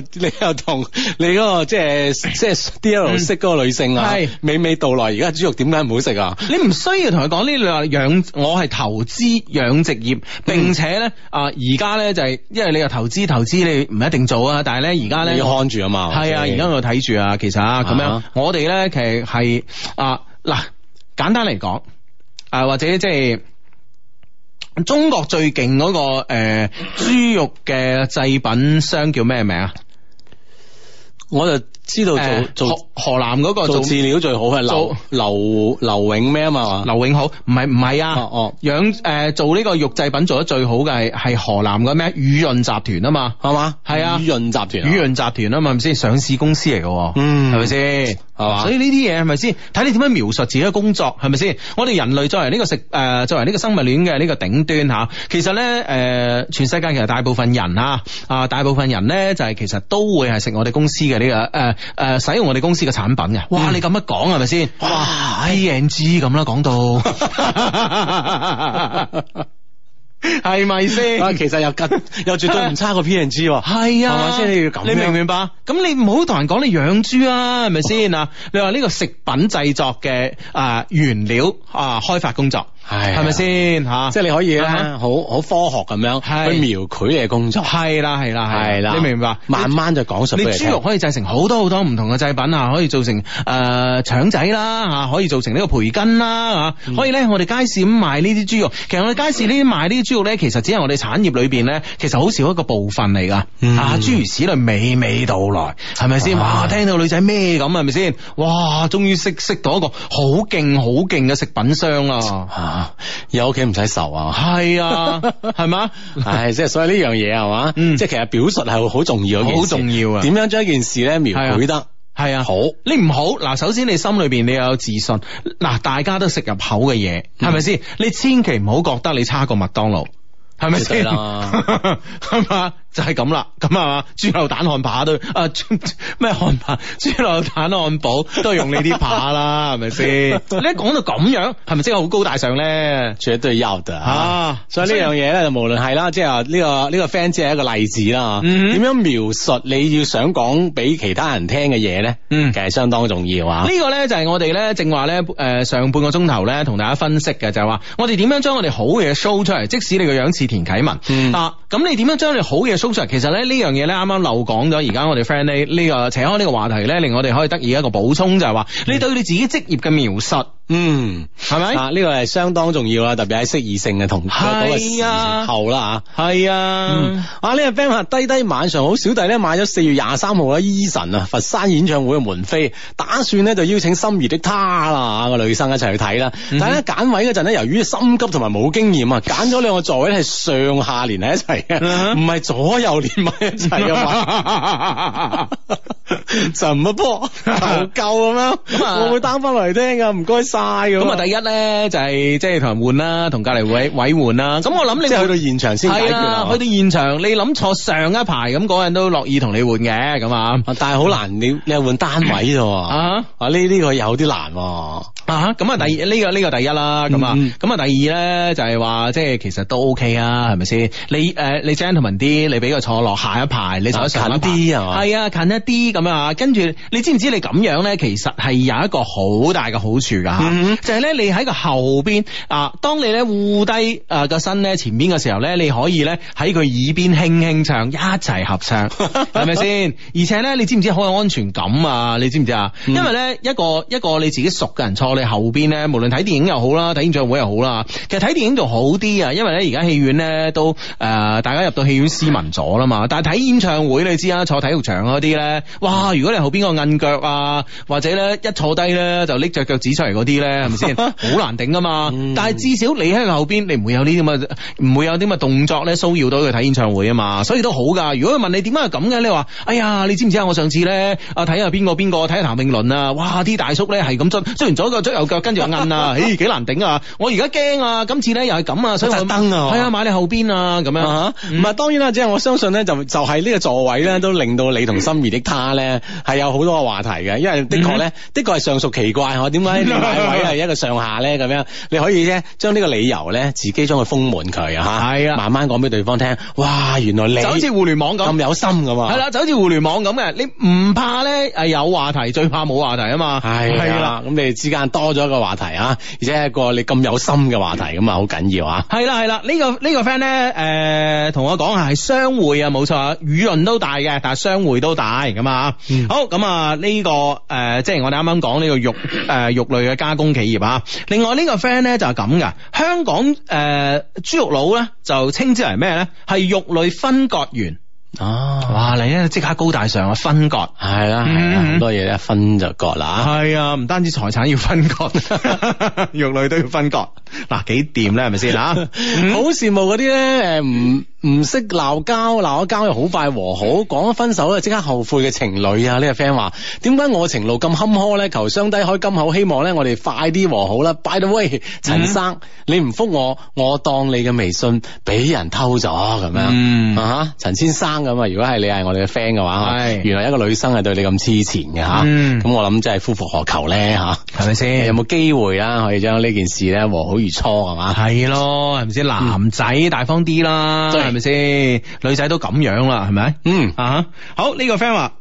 就你又同你嗰個即係即係 D L 識嗰個女性啊，娓娓道來。而家豬肉點解唔好食啊？你唔需要同佢講呢兩養，我係投資。養殖業，並且咧啊，而家咧就係，因為你話投資投資，你唔一定做啊，但係咧而家咧要看住啊嘛，係啊，而家我睇住啊，其實咁樣，啊啊我哋咧其實係啊，嗱，簡單嚟講，誒或者即係中國最勁嗰個誒豬肉嘅製品商叫咩名啊？我就。知道，做做河南嗰個做飼料最好係劉劉劉永咩啊嘛？劉永好，唔係唔係啊？哦哦，養誒做呢個肉製品做得最好嘅係河南嘅咩？雨潤集團啊嘛，係嘛？係啊，雨潤集團，雨潤集團啊嘛，係咪先上市公司嚟嘅？嗯，係咪先係嘛？所以呢啲嘢係咪先？睇你點樣描述自己嘅工作係咪先？我哋人類作為呢個食誒作為呢個生物鏈嘅呢個頂端吓，其實咧誒全世界其實大部分人吓，啊大部分人咧就係其實都會係食我哋公司嘅呢個誒。誒，使用我哋公司嘅產品嘅，哇！你咁樣講係咪先？哇！PNG 咁啦，講到係咪先？其實又近又絕對唔差過 PNG。Z，係啊，係咪先？你要咁，你明唔明白？咁你唔好同人講你養豬啊，係咪先啊？你話呢個食品製作嘅啊原料啊開發工作。係，係咪先嚇？吧即係你可以咧，啊、好好科學咁樣去描繪你嘅工作。係啦、啊，係啦、啊，係啦、啊。啊啊、你明唔明白？你慢慢就講述。你豬肉可以製成好多好多唔同嘅製品啊，可以做成誒、呃、腸仔啦嚇，可以做成呢個培根啦嚇。嗯、可以咧，我哋街市咁賣呢啲豬肉，其實我哋街市呢啲賣呢啲豬肉咧，其實只係我哋產業裏邊咧，其實好少一個部分嚟噶。啊、嗯，諸如此類，娓娓道來，係咪先？哇、啊！聽到女仔咩咁係咪先？哇！終於識識到一個好勁好勁嘅食品商啦！有屋企唔使愁啊，係啊，係嘛、啊，係即係所以呢樣嘢係嘛，嗯、即係其實表述係好重要嘅，好重要啊。點樣將一件事咧描繪得係啊，啊好？你唔好嗱，首先你心裏邊你有自信，嗱，大家都食入口嘅嘢，係咪先？嗯、你千祈唔好覺得你差過麥當勞，係咪先啦？係嘛。 就係咁啦，咁啊嘛，豬流蛋漢扒都啊咩漢堡，豬流蛋漢堡都係用呢啲扒啦，係咪先？ 你講到咁樣，係咪真係好高大上咧？絕對有係吧啊！所以呢樣嘢咧，就無論係啦，即係話呢個呢個 fans 係一個例子啦。點、嗯、哼樣描述你要想講俾其他人聽嘅嘢咧？嗯、其實相當重要啊！呢個咧就係我哋咧正話咧誒，上半個鐘頭咧同大家分析嘅就係話，我哋點樣將我哋好嘢 show 出嚟，即使你個樣似田啟文、嗯、啊，咁你點樣將你好嘢 show？其實咧呢樣嘢咧，啱啱漏講咗。而家我哋 friend 呢、這、呢個、這個、扯開呢個話題咧，令我哋可以得以一個補充就，就係話你對你自己職業嘅描述。嗯，係咪啊？呢個係相當重要啊，特別喺適宜性嘅同嗰啊，後啦吓，係啊，啊呢個 friend 低低晚上好，小弟咧買咗四月廿三號咧 Eason 啊佛山演唱會嘅門飛，打算咧就邀請心儀的他啦個女生一齊去睇啦。但係咧揀位嗰陣咧，由於心急同埋冇經驗啊，揀咗兩個座位咧係上下連喺一齊嘅，唔係左右連埋一齊啊。什麼波？求救夠咁樣？我會 down 翻嚟聽噶，唔該咁啊，第一咧就係即係同人換啦，同隔離位位換啦。咁我諗你去到現場先。係啦，去到現場你諗坐上一排咁嗰人都樂意同你換嘅咁啊。但係好難，你你係換單位啫。啊啊，呢呢個有啲難啊。咁啊，第二呢個呢個第一啦。咁啊，咁啊，第二咧就係話即係其實都 OK 啊，係咪先？你誒你 gentleman 啲，你俾佢坐落下一排，你坐一排近啲係嘛？係啊，近一啲咁啊。跟住你知唔知你咁樣咧，其實係有一個好大嘅好處㗎 Mm hmm. 就係咧，你喺個後邊啊，當你咧護低啊個身咧，前邊嘅時候咧，你可以咧喺佢耳邊輕輕唱，一齊合唱，係咪先？而且咧，你知唔知好有安全感啊？你知唔知啊？Mm hmm. 因為咧，一個一個你自己熟嘅人坐你後邊咧，無論睇電影又好啦，睇演唱會又好啦，其實睇電影仲好啲啊，因為咧而家戲院咧都誒，大家入到戲院斯文咗啦嘛。但係睇演唱會你知啊坐體育場啲咧，哇！如果你後邊個摁腳啊，或者咧一坐低咧就拎隻腳趾出嚟啲。咧，係咪先？好難頂啊嘛！ 嗯、但係至少你喺後邊，你唔會有呢啲咁嘅唔會有啲咁動作咧騷擾到佢睇演唱會啊嘛，所以都好㗎。如果佢問你點解係咁嘅，你話：哎呀，你知唔知啊？我上次咧啊睇下邊個邊個睇譚詠麟啊，哇！啲大叔咧係咁捽，捽然左腳左右腳，跟住又摁，唉、哎，幾難頂啊！我而家驚啊，今次咧又係咁啊，所以我登啊，係口啊， 買你後邊啊，咁樣吓。唔係當然啦，即係我相信咧，就就係呢個座位咧，都令到你同心儀的他咧係有好多嘅話題嘅，因為的確咧， 的確係上述奇怪，點解？佢係一個上下咧咁樣，你可以咧將呢個理由咧，自己將佢封滿佢嚇，係啊，慢慢講俾對方聽。哇，原來你就好似互聯網咁有心咁啊！係啦，就好似互聯網咁嘅，你唔怕咧誒有話題，最怕冇話題啊嘛。係係啦，咁你哋之間多咗一個話題啊，而且一個你咁有心嘅話題咁啊，好緊要啊！係啦係啦，呢個呢個 friend 咧誒同我講下係相會啊，冇錯，輿論都大嘅，但係相會都大㗎啊，好咁啊，呢個誒即係我哋啱啱講呢個肉誒肉類嘅加工企業啊！另外呢個 friend 咧就係咁噶，香港誒豬肉佬咧就稱之為咩咧？係肉類分割員啊！哇，你咧！即刻高大上啊，分割係啦，係啊，咁多嘢咧分就割啦，係啊，唔單止財產要分割， 肉類都要分割，嗱幾掂咧，係咪先啊？是是 好羨慕嗰啲咧，誒、呃、唔。嗯唔識鬧交，鬧咗交又好快和好，講咗分手又即刻後悔嘅情侶啊！呢、這個 friend 話，點解我情路咁坎坷咧？求上帝開金口，希望咧我哋快啲和好啦！By the way，陳、嗯、生，你唔復我，我當你嘅微信俾人偷咗咁樣、嗯、啊吓？陳先生咁啊，如果係你係我哋嘅 friend 嘅話，係是原來一個女生係對你咁痴纏嘅吓，咁、嗯、我諗真係夫復何求咧吓？係咪先？吧有冇機會啦，可以將呢件事咧和好如初係嘛？係咯，係咪先？男仔大方啲啦。係咪先？女仔都咁樣啦，係咪？嗯啊，uh huh. 好，呢個 friend 話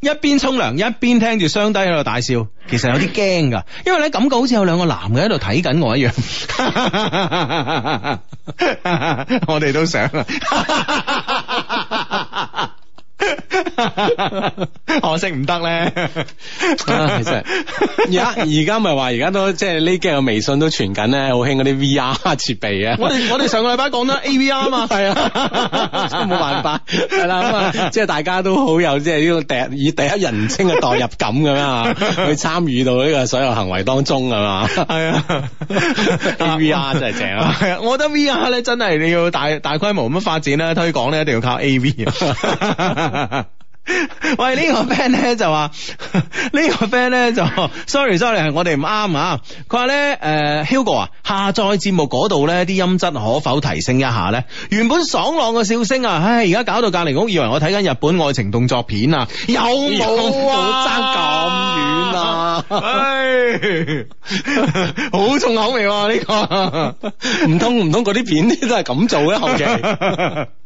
一邊沖涼一邊聽住雙低喺度大笑，其實有啲驚噶，因為咧感覺好似有兩個男嘅喺度睇緊我一樣。我哋都想啊。 可惜唔得咧，其、 啊、實而家而家咪話而家都即係呢幾日微信都傳緊咧，好興嗰啲 VR 設備啊！我哋我哋上個禮拜講咗 AVR 啊嘛，係啊，冇辦法係啦，咁啊、 嗯，即係大家都好有即係呢個第以第一人稱嘅代入感咁樣啊， 去參與到呢個所有行為當中㗎嘛？係啊，AVR 真係正啊！係啊，我覺得 VR 咧真係你要大大規模咁發展啦，推廣咧，一定要靠 AV。喂，呢個、呢、呢個 friend 咧就話，呢個 friend 咧就，sorry sorry，係我哋唔啱啊！佢話咧，誒、呃、Hugo 啊，下載節目嗰度咧，啲音質可否提升一下咧？原本爽朗嘅笑聲啊，唉，而家搞到隔籬屋以為我睇緊日本愛情動作片啊，有冇啊，差咁遠啊，唉，好重口味喎、啊，呢、呢個，唔通唔通嗰啲片都係咁做嘅後期。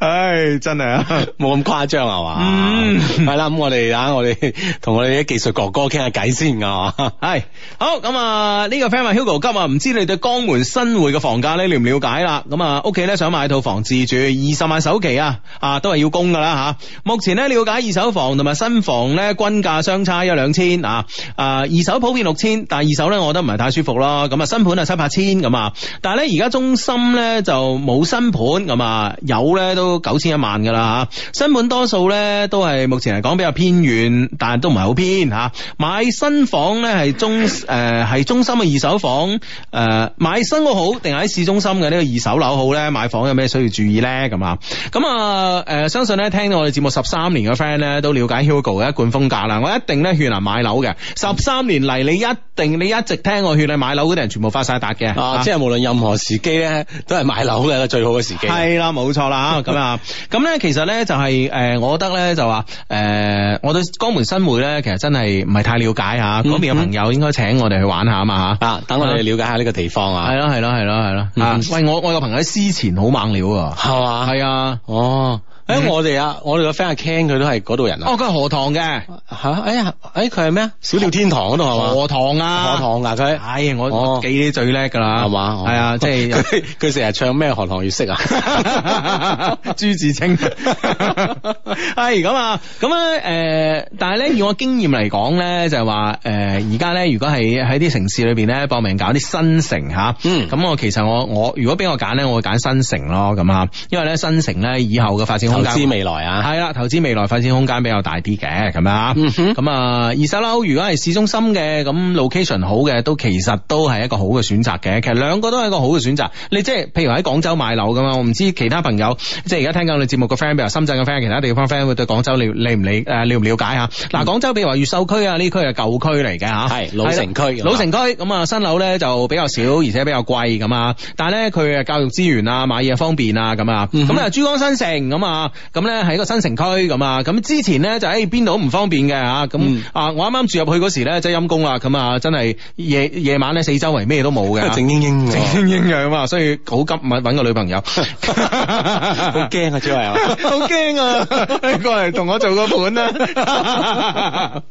唉，真係啊，冇咁誇張係嘛？係啦，咁我哋啊，我哋同我哋啲技術哥哥傾下偈先啊！係好咁啊，呢個 friend Hugo，今日唔知你對江門新會嘅房價咧了唔了解啦？咁啊，屋企咧想買套房自住，二十萬首期啊，啊都係要供噶啦吓。目前咧了解二手房同埋新房咧均價相差一兩千啊，誒二手普遍六千，但係二手咧我覺得唔係太舒服咯。咁啊新盤啊七八千咁啊，但係咧而家中心咧就冇新盤咁啊有咧。都九千一萬嘅啦嚇，新盤多數咧都係目前嚟講比較偏遠，但係都唔係好偏嚇、啊。買新房咧係中誒係、呃、中心嘅二手房誒、呃，買新屋好定係喺市中心嘅呢個二手樓好咧？買房有咩需要注意咧？咁啊咁啊誒，相信咧聽到我哋節目十三年嘅 friend 咧都了解 Hugo 嘅一貫風格啦。我一定咧勸人買樓嘅，十三年嚟你一定你一直聽我勸你買樓嗰啲人全部發晒達嘅即係無論任何時機咧，都係買樓嘅最好嘅時機、啊。係啦，冇錯啦咁啊，咁咧，其實咧就係誒，我覺得咧就話誒，我對江門新會咧，其實真係唔係太了解吓，嗰邊嘅朋友應該請我哋去玩下啊嘛吓，啊、嗯，等我哋了解下呢個地方啊，係咯係咯係咯係咯，啊，嗯、喂，我我個朋友喺思前好猛料，係嘛的，係啊的，哦。誒我哋啊，我哋個 friend 阿 Ken 佢都係嗰度人啊。哦，佢係荷塘嘅嚇。哎呀，哎佢係咩啊？小鳥天堂嗰度係嘛？荷塘啊，荷塘啊，佢係我記啲最叻㗎啦，係嘛？係啊，即係佢成日唱咩荷塘月色啊？朱自清係咁啊，咁啊誒，但係咧以我經驗嚟講咧，就係話誒而家咧，如果係喺啲城市裏邊咧，搏命搞啲新城嚇。嗯，咁我其實我我如果俾我揀咧，我會揀新城咯咁啊，因為咧新城咧以後嘅發展。投資未來啊，係啦，投資未來發展空間比較大啲嘅咁樣咁啊、嗯哼，二手樓如果係市中心嘅，咁 location 好嘅，都其實都係一個好嘅選擇嘅。其實兩個都係一個好嘅選擇。你即係譬如喺廣州買樓咁啊，我唔知其他朋友即係而家聽緊我哋節目嘅 friend，譬如深圳嘅 friend，其他地方 friend 會對廣州你唔理誒了唔了解嚇。嗱，嗯，廣州譬如話越秀區啊，呢區係舊區嚟嘅嚇，係老、老城區，老城區咁啊，新樓咧就比較少，是而且比較貴咁啊。但係咧佢啊教育資源啊，買嘢方便啊咁啊。咁啊，嗯、哼珠江新城咁啊。咁咧係一個新城區咁啊，咁之前咧就喺邊度都唔方便嘅吓，咁啊我啱啱住入去嗰時咧真係陰公啊，咁啊真係夜夜晚咧四周圍咩都冇嘅，靜嚶嚶，靜嚶嚶啊嘛，所以好急咪搵個女朋友，好 驚 啊，朱偉，好驚 啊， 過嚟同我做個伴啊。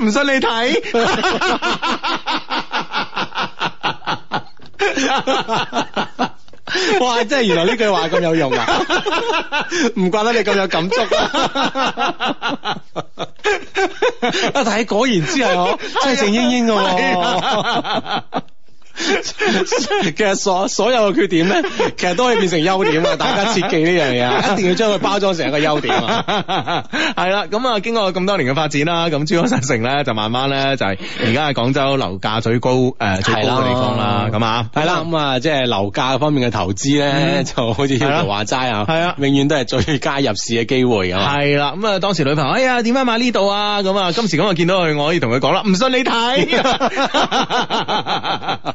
唔 信你睇。 哇！真係原來呢句話咁有用啊！唔 怪得你咁有感觸，啊。啦！但係果然之係我， 真係靜英英嘅。其實所所有嘅缺點咧，其實都可以變成優點啊！大家切記呢樣嘢，一定要將佢包裝成一個優點。係啦，咁啊，經過咁多年嘅發展啦，咁珠江新城咧就慢慢咧就係而家係廣州樓價最高誒最高嘅地方啦。咁啊係啦，咁啊即係樓價方面嘅投資咧，就好似葉劉話齋啊，係啊，永遠都係最佳入市嘅機會咁。係啦，咁啊當時女朋友哎呀點解買呢度啊，咁啊今時咁啊見到佢，我可以同佢講啦，唔信你睇。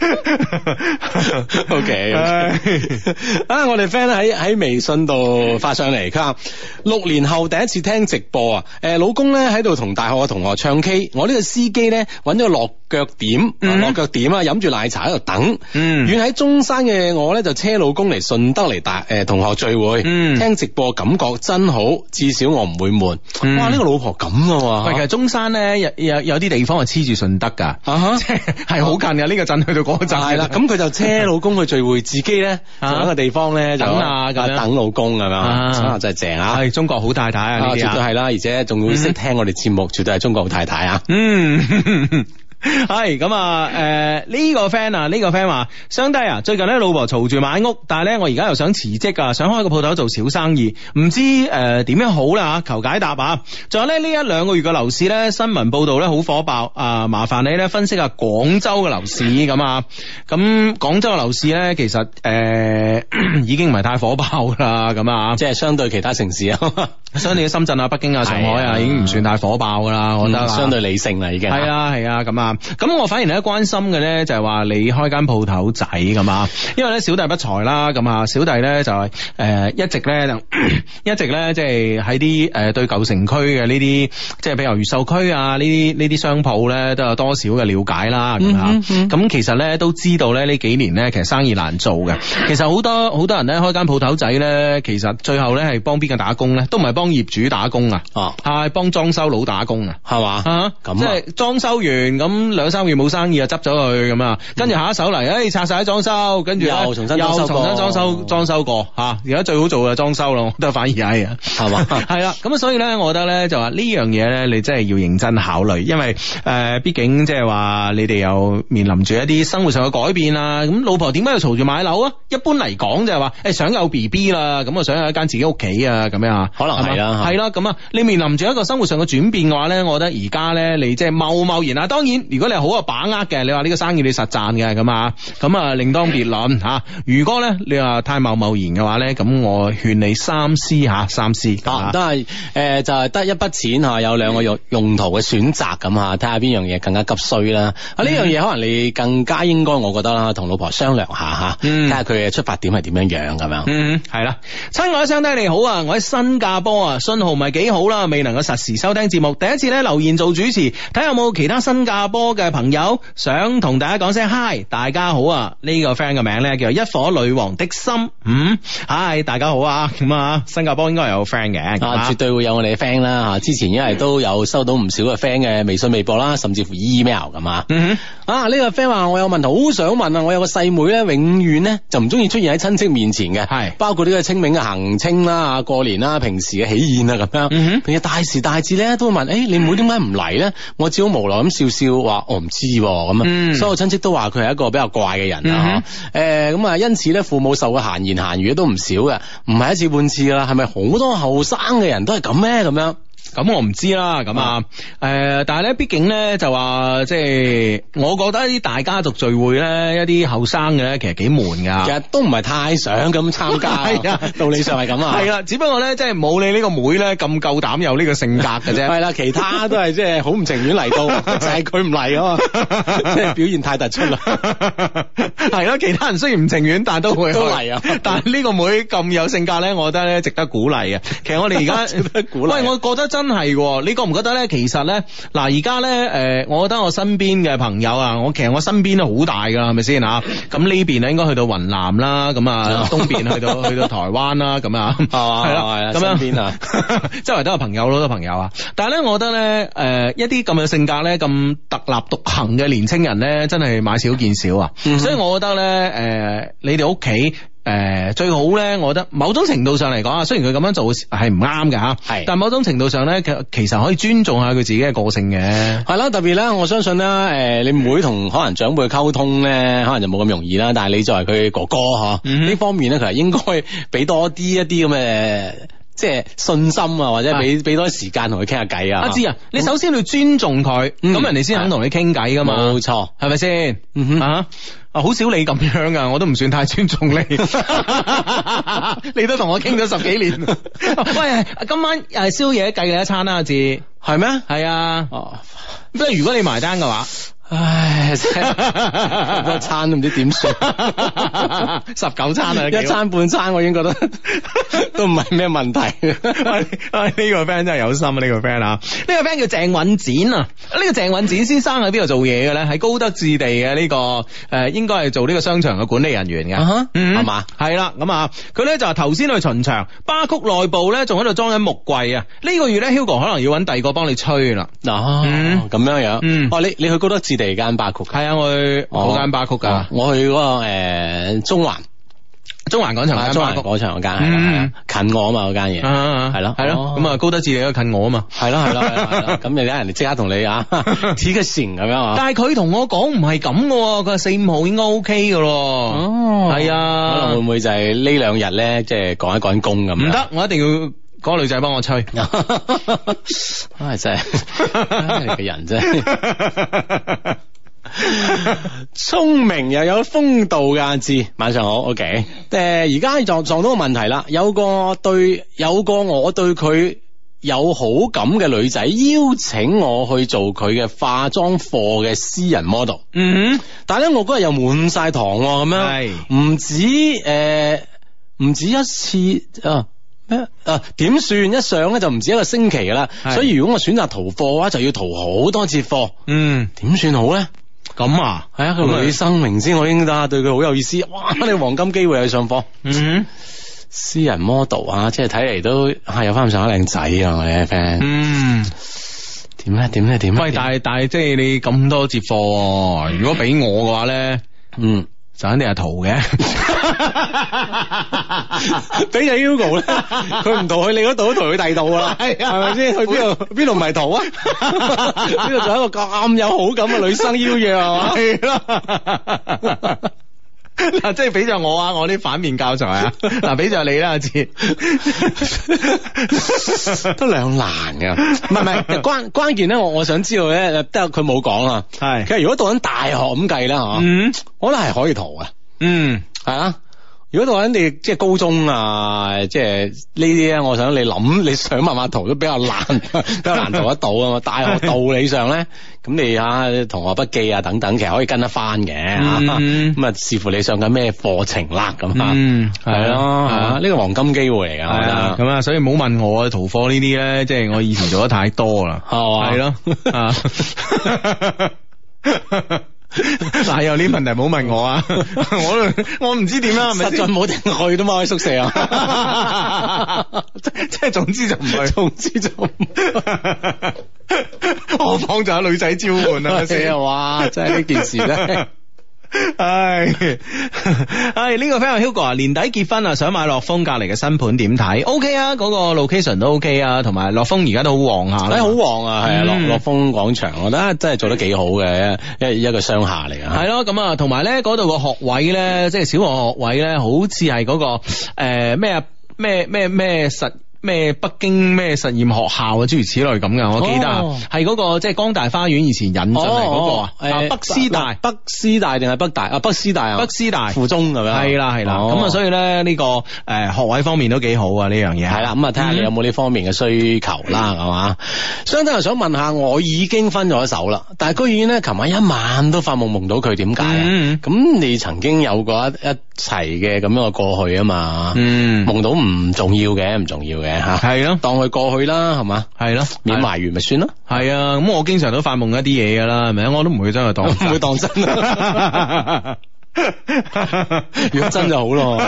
O K，啊，我哋 friend 喺喺微信度發上嚟，佢話六年後第一次聽直播啊，誒，老公咧喺度同大學嘅同學唱 K，我呢個司機咧揾咗落腳點，嗯、落腳點啊，飲住奶茶喺度等，遠喺中山嘅我咧就車老公嚟順德嚟達誒同學聚會，嗯、聽直播感覺真好，至少我唔會悶。嗯、哇，呢、呢個老婆咁啊，其實中山咧有有有啲地方係黐住順德噶，即係、啊、哈 好近噶，呢個鎮去到。 哦、就係啦，咁佢就車老公去聚會，自己咧就喺個地方咧就等老公咁啊，真係正啊，係中國好太太啊，呢個絕對係啦，而且仲會識聽我哋節目，絕對係中國好太太啊。嗯。 係咁啊，誒呢個 friend 啊呢個 friend 話，兄弟啊，最近咧老婆嘈住買屋，但係咧我而家又想辭職啊，想開個鋪頭做小生意，唔知誒點樣好啦，求解答啊！仲有咧呢一兩個月嘅樓市咧，新聞報道咧好火爆啊！麻煩你咧分析下廣州嘅樓市咁啊，咁廣州嘅樓市咧其實誒已經唔係太火爆啦，咁啊即係相對其他城市啊，相對深圳啊、北京啊、上海啊已經唔算太火爆噶啦，我覺得相對理性啦已經係啊係啊咁啊。咁我反而咧關心嘅咧就係話你開間鋪頭仔咁啊，因為咧小弟不才啦，咁啊小弟咧就係誒一直咧一直咧即係喺啲誒對舊城區嘅呢啲，即係比如越秀區啊呢啲呢啲商鋪咧都有多少嘅了解啦，咁、嗯嗯、其實咧都知道咧呢幾年咧其實生意難做嘅，其實好多好多人咧開間鋪頭仔咧，其實最後咧係幫邊個打工咧？都唔係幫業主打工啊，係幫裝修佬打工啊，係嘛咁即係裝修完咁。咁兩三個月冇生意啊，執咗佢咁啊，跟住下一手嚟，誒、哎、拆晒啲裝修，跟住又重新裝修，修，裝修過吓，而家最好做嘅裝修咯，都係反而係啊，係嘛 吧，係啦，咁所以咧，我覺得咧就話呢樣嘢咧，你真係要認真考慮，因為誒，畢、呃、竟即係話你哋又面臨住一啲生活上嘅改變啊，咁老婆點解要嘈住買樓啊？一般嚟講就係、是、話，誒、欸、想有 B B 啦，咁啊想有一間自己屋企啊，咁樣啊，可能係啦，係啦吧，咁啊的的，你面臨住一個生活上嘅轉變嘅話咧，我覺得而家咧，你即係貿貿然啊，當然。如果你係好有把握嘅，你話呢個生意你實賺嘅咁啊，咁啊另當別論嚇。如果咧你太貌貌言話太冒冒然嘅話咧，咁我勸你三思嚇，三思。啊啊、都係誒、呃，就係、是、得一筆錢嚇、啊，有兩個用用途嘅選擇咁啊，睇下邊樣嘢更加急需啦。啊，呢樣嘢可能你更加應該，我覺得啦，同、啊、老婆商量下嚇，睇下佢嘅出發點係點樣樣咁樣。嗯，係啦，親我一聲，兄弟你好啊，我喺新加坡啊，信號唔係幾好啦，未能夠實時收聽節目。第一次咧留言做主持，睇下有冇其他新加坡多嘅朋友想同大家講聲嗨，大家好啊！呢、這個 friend 嘅名咧叫做一顆女王的心，嗯嗨，Hi, 大家好啊！咁、嗯、啊，新加坡應該有 friend 嘅，啊，絕對會有我哋嘅 friend 啦，吓，之前因為都有收到唔少嘅 friend 嘅微信、微博啦，甚至乎 email 咁、嗯、哼啊。啊，呢個 friend 話我有問題，好想問啊！我有個細妹咧，永遠咧就唔中意出現喺親戚面前嘅，係、嗯哼，包括呢個清明嘅行清啦、過年啦、平時嘅喜宴啊咁樣，嗯哼，平時大時大節咧都會問，誒、哎，你妹點解唔嚟咧？我只好無奈咁笑笑。話我唔知咁樣、啊。嗯、所有親戚都話佢係一個比較怪嘅人啊，吓誒咁啊，因此咧父母受嘅閒言閒語都唔少嘅，唔係一次半次噶啦，係咪好多後生嘅人都係咁咩咁樣？咁我唔知啦，咁啊，誒，但係咧，畢竟咧就話，即係我覺得一啲大家族聚會咧，一啲後生嘅咧，其實幾悶噶，其實都唔係太想咁參加， 道理上係咁啊，係啦，只不過咧，即係冇你呢個妹咧咁夠膽有呢個性格嘅啫，係啦、 啊，其他都係即係好唔情願嚟到， 就係佢唔嚟啊嘛，即係 表現太突出啦，係 啦、 啊，其他人雖然唔情願，但係都會都嚟啊，但係呢個妹咁 有性格咧，我覺得咧值得鼓勵啊，其實我哋而家鼓勵，喂，我覺得真的真的真係，你覺唔覺得咧？其實咧，嗱而家咧，誒、呃，我覺得我身邊嘅朋友啊，我其實我身邊都好大噶，係咪先啊？咁呢邊咧應該去到雲南啦，咁啊東邊去到 去到台灣啦，咁啊係啊，係啦，咁樣邊啊， 周圍都有朋友咯，多朋友啊。但係咧，我覺得咧，誒、呃，一啲咁嘅性格咧，咁特立獨行嘅年青人咧，真係買少見少啊。 所以我覺得咧，誒、呃，你哋屋企。誒，最好咧，我覺得某種程度上嚟講啊，雖然佢咁樣做係唔啱嘅吓，係的，但係某種程度上咧，佢其實可以尊重下佢自己嘅個性嘅，係啦，特別咧，我相信咧，誒、呃，嗯、你唔會同可能長輩溝通咧，可能就冇咁容易啦，但係你作為佢哥哥嗬，呢、嗯、哼 方面咧，其實應該俾多啲一啲咁嘅。即係信心啊，或者俾俾多啲時間同佢傾下偈啊，阿志啊，你首先你要尊重佢，咁人哋先肯同你傾偈噶嘛，冇錯，係咪先？啊，啊好少你咁樣㗎，我都唔算太尊重你，你都同我傾咗十幾年，喂，今晚又係宵夜計你一餐啦，阿志，係咩？係啊，哦，咁咧如果你埋單嘅話。唉， 真係多餐都唔知點算，十九餐啊，一餐半餐我已經覺得，都唔係咩問題。呢 個 friend 真係有心啊，呢、這個 friend 啊，呢、這個 friend 叫鄭允展啊，呢、這個鄭允展先生喺邊度做嘢嘅咧？喺高德置地嘅呢、這個誒，應該係做呢個商場嘅管理人員嘅，係嘛？係啦，咁啊，佢咧就話頭先去巡場，巴曲內部咧仲喺度裝緊木櫃啊。呢、這個月咧，Hugo 可能要搵第二個幫你吹啦。嗱、uh，咁、huh. 樣樣，哦、mm，hmm. oh, 你你去高德置？第二間巴曲係啊，我去嗰間巴曲噶，我去嗰個誒中環中環廣場間巴曲廣場嗰間係近我啊嘛，嗰間嘢係咯，係咯，咁啊高德志都近我啊嘛，係咯，係咯，咁又啲人即刻同你啊，似個船咁樣啊。但係佢同我講唔係咁噶，佢話四五號應該 O K 噶咯，係啊，可能會唔會就係呢兩日咧，即係趕一趕工咁唔得，我一定要。嗰個女仔幫我吹，唉， 真係係個人啫，聰 明又有風度嘅阿志，晚上好，OK。誒、呃，而家撞撞到個問題啦，有個對，有個我，我對佢有好感嘅女仔邀請我去做佢嘅化妝課嘅私人 model。嗯哼，但係咧我嗰日又滿晒堂咁樣，唔是止誒，唔止、呃、唔止一次啊。啊，點算？一上咧就唔止一個星期噶啦，所以如果我選擇逃課嘅話，就要逃好多節課。嗯，點算好咧？咁啊，係一個女生，明先我已應得，對佢好有意思。哇，你黃金機會去上課。嗯，私人 model 啊，即係睇嚟都係有翻唔上下靚仔啊，我哋嘅 friend。嗯，點咧？點咧？點？喂，大大，即係你咁多節課，如果俾我嘅話咧，嗯。就肯定係圖嘅，俾就 o g o 咧，佢唔圖去你嗰度都圖去第二度啦，係咪先？去邊度邊度唔係圖啊？邊度仲有一個咁有好感嘅女生邀約係嘛？係咯。嗱，即係俾咗我啊，我啲反面教材啊，嗱、 啊，俾咗你啦，阿 志 難、啊，都兩難嘅，唔係唔係，關關鍵咧，我我想知道咧，得佢冇講啊，係是，其實如果讀緊大學咁計啦，吓、嗯，我覺得係可以逃、嗯、啊，嗯，係啊。如果同人哋，即係高中啊，即係呢啲咧，我想你諗你想逃逃課都比較難，比較難逃得到啊嘛。大學道理上咧，咁你吓、啊、同學筆記啊等等，其實可以跟得翻嘅，咁啊視乎你上緊咩課程啦，咁、嗯、啊係咯，呢、啊啊啊這個黃金機會嚟噶，咁啊，的啊所以唔好問我啊，逃課呢啲咧，即、就、係、是、我以前做得太多啦，係咯。嗱，有啲 問題唔好問我啊， 我我唔知點樣咪 實在冇定去啫嘛，喺宿舍啊，即係總之就唔去，總之就唔，就去 我房就有女仔招喎，死啊！ 哇，真係呢件事咧～ 唉、 哎，唉、哎、呢、這個 friend Hugo 啊，年底結婚啊，想買樂豐隔籬嘅新盤點睇？OK 啊，嗰個 location 都 OK 啊，同埋樂豐而家都好旺下，誒、哎，好、嗯、旺啊，係啊，樂樂豐廣場，我覺得真係做得幾好嘅一一個商廈嚟啊。係咯、嗯，咁、嗯、啊，同埋咧嗰度個學位咧，即、就、係、是、小學學位咧，好似係嗰個誒咩咩咩咩實。呃咩北京咩實驗學校啊，諸如此類咁嘅，我記得係嗰個即係光大花園以前引進嚟嗰個誒北師大北師大定係北大啊北師大北師大附中咁樣，係啦係啦。咁啊，所以咧呢個誒學位方面都幾好啊，呢樣嘢係啦，咁啊，睇下你有冇呢方面嘅需求啦，係嘛？相當又想問下，我已經分咗手啦，但係居然咧琴晚一晚都發夢夢到佢，點解？啊？咁你曾經有過一一齊嘅咁樣嘅過去啊嘛？嗯，夢到唔重要嘅，唔重要嘅。係咯，啊、當佢過去啦，係嘛吧，係咯，掩埋完咪算咯。係啊，咁、嗯啊嗯、我經常都發夢一啲嘢噶啦，係咪我都唔會真係當，唔會當真。啊，如果真就好咯。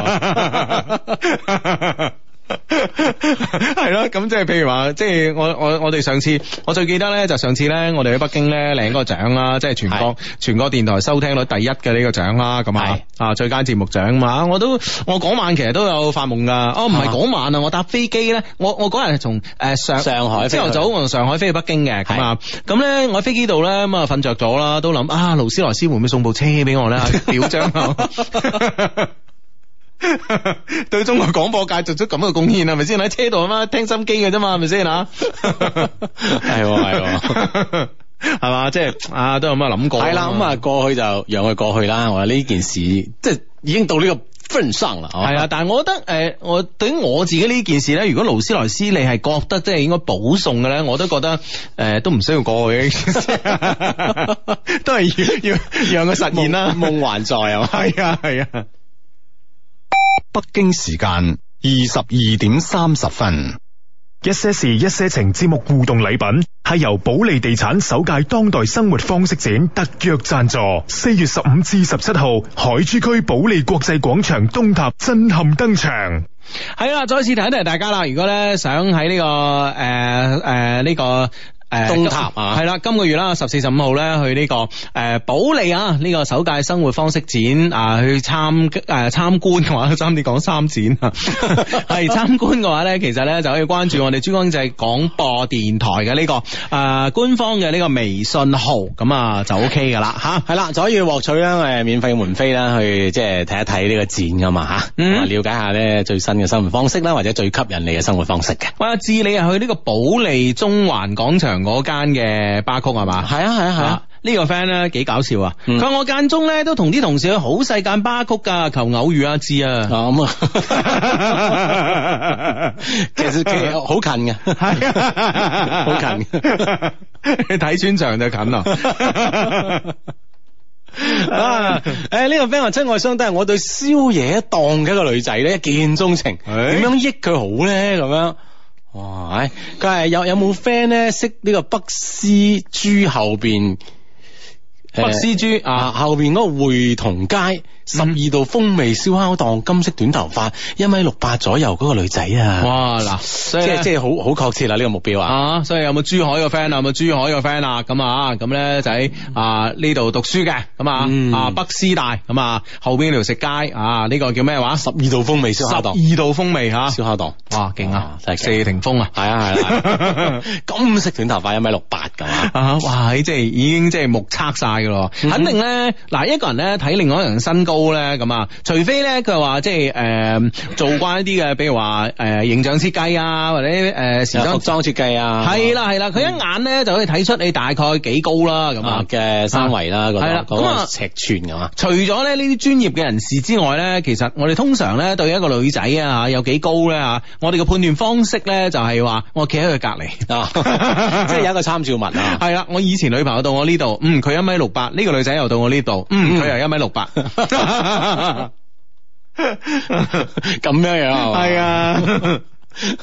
係咯，咁即係譬如話，即係我我我哋上次，我最記得咧就上次咧，我哋喺北京咧領嗰個獎啦，即係全國全國電台收聽率第一嘅呢個獎啦，咁啊，啊最佳節目獎啊嘛，我都我嗰晚其實都有發夢噶，哦唔係嗰晚啊，我搭飛機咧，我我嗰日係從誒上上海，朝頭早我從上海飛去北京嘅，咁啊，咁咧喺飛機度咧咁啊瞓着咗啦，都諗啊勞斯萊斯會唔會送部車俾我咧，表彰我。對中國廣播界做出咁嘅貢獻，係咪先，喺車度吖嘛，聽心機嘅啫嘛，係咪先啊，係系係嘛，即係啊都有乜諗過，係啦，咁啊、嗯、過去就讓佢過去啦，我話呢件事即係已經到呢個份上啦，係啊，但係我覺得誒、欸、我對於我自己呢件事咧，如果勞斯萊斯你係覺得即係應該保送嘅咧，我都覺得誒、欸、都唔需要過去 都係要要讓佢實現啦，夢還在係嘛，係啊係啊北京時間二十二點三十分，一些事一些情節目互動禮品係由保利地產首屆當代生活方式展特約贊助。四月十五至十七號，海珠區保利國際廣場東塔震撼登場。係啦，再次提一提大家啦，如果咧想喺呢個誒誒呢個，呃呃這個誒，東塔啊，係啦、嗯，今個月啦，十四十五號咧去呢、這個誒保、呃、利啊呢、這個首屆生活方式展啊去參誒參觀嘅話，差點講三展，啊。係參、啊、觀嘅話咧， 其實咧就可以關注我哋珠江濟廣播電台嘅呢、這個誒、呃、官方嘅呢個微信號，咁啊就 OK 噶啦吓，係、啊、啦，就可以獲取咧誒免費門飛啦去即係睇一睇呢個展噶嘛吓，啊嗯、了解下咧最新嘅生活方式啦，或者最吸引你嘅生活方式嘅。哇、嗯，智你啊去呢個保利中環廣場。我間嘅巴曲係嘛？係啊係啊係啊！呢、啊啊啊、個 friend 咧幾搞笑啊！佢話我間中咧都同啲同事去好細間巴曲噶，求偶遇啊知啊！咁啊，其實其實好近嘅，係啊，好近你睇全場就近咯。啊！誒，呢個 friend 話親愛相得，我對宵夜檔嘅一個女仔咧一見鍾情，點、啊、 樣益佢好咧？咁樣。哇！唉，梗係，有有冇 friend 咧識呢個北師豬後邊。北師珠啊，後邊嗰個匯同街十二道風味燒烤檔，金色短頭髮，一米六八左右嗰個女仔啊！哇，嗱，即係即係好好確切啦呢個目標啊！啊，所以有冇珠海個 friend 啊？有冇珠海個 friend 啊？咁啊，咁咧就喺啊呢度讀書嘅，咁啊啊北師大，咁啊後邊條食街啊，呢個叫咩話？十二道風味燒烤檔，二道風味吓，燒烤檔哇，勁啊！就係謝霆鋒啊，係啊係，金色短頭髮，一米六八噶啊！哇，係即係已經即係目測晒。肯定咧，嗱，一個人咧睇另外一人身高咧咁啊，除非咧佢話即係誒做慣一啲嘅，比如話誒形象設計啊，或者誒時裝設計啊，係啦係啦，佢一眼咧就可以睇出你大概幾高啦咁啊嘅三圍啦，係啦咁啊尺寸咁啊。除咗咧呢啲專業嘅人士之外咧，其實我哋通常咧對一個女仔啊有幾高咧，我哋嘅判斷方式咧就係話我企喺佢隔籬，即係有一個參照物啊。係啦，我以前女朋友到我呢度，嗯，佢一米六。八呢個女仔又到我呢度，嗯，佢又一米六八，咁樣樣係啊。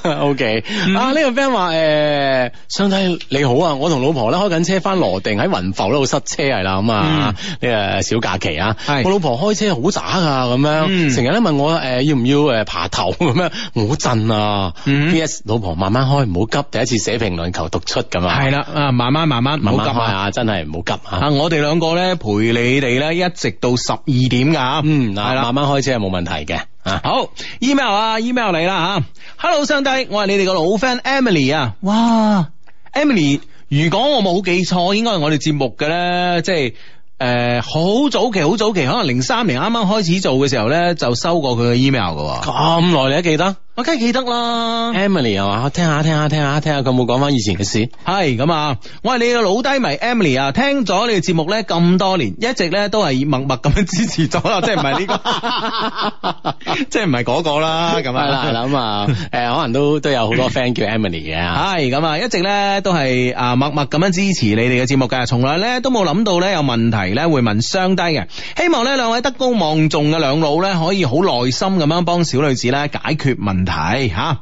O K，啊呢個 friend 話誒，兄弟你好啊，我同老婆咧開緊車翻羅定，喺雲浮嗰度塞車係啦。咁啊，呢個小假期啊，係我老婆開車好渣噶咁樣，成日咧問我誒要唔要誒爬頭咁樣，我好震啊，PS 老婆慢慢開，唔好急，第一次寫評論求讀出咁啊，係啦啊慢慢慢慢，唔好急啊，真係唔好急啊，我哋兩個咧陪你哋咧一直到十二點噶，嗯係啦，慢慢開車係冇問題嘅。啊好，email 啊 email 嚟啦吓，hello 上帝，我係你哋個老 friend Emily 啊，哇 Emily，如果我冇記錯，應該係我哋節目嘅咧，即係誒好早期好早期，可能零三年啱啱開始做嘅時候咧，就收過佢嘅 email 噶，咁耐你都記得。我梗係記得啦，Emily 啊嘛，聽下聽下聽下聽下，佢有冇講翻以前嘅事？係咁啊，我係你嘅老低迷 Emily 啊，聽咗你哋節目咧咁多年，一直咧都係默默咁樣支持咗啦，即係唔係呢個，即係唔係嗰個啦咁啊，係啦咁啊，誒可能都都有好多 friend 叫 Emily 嘅，係咁啊，一直咧都係啊默默咁樣支持你哋嘅節目嘅，從來咧都冇諗到咧有問題咧會問傷低嘅，希望咧兩位德高望重嘅兩老咧可以好耐心咁樣幫小女子咧解決問題。睇吓，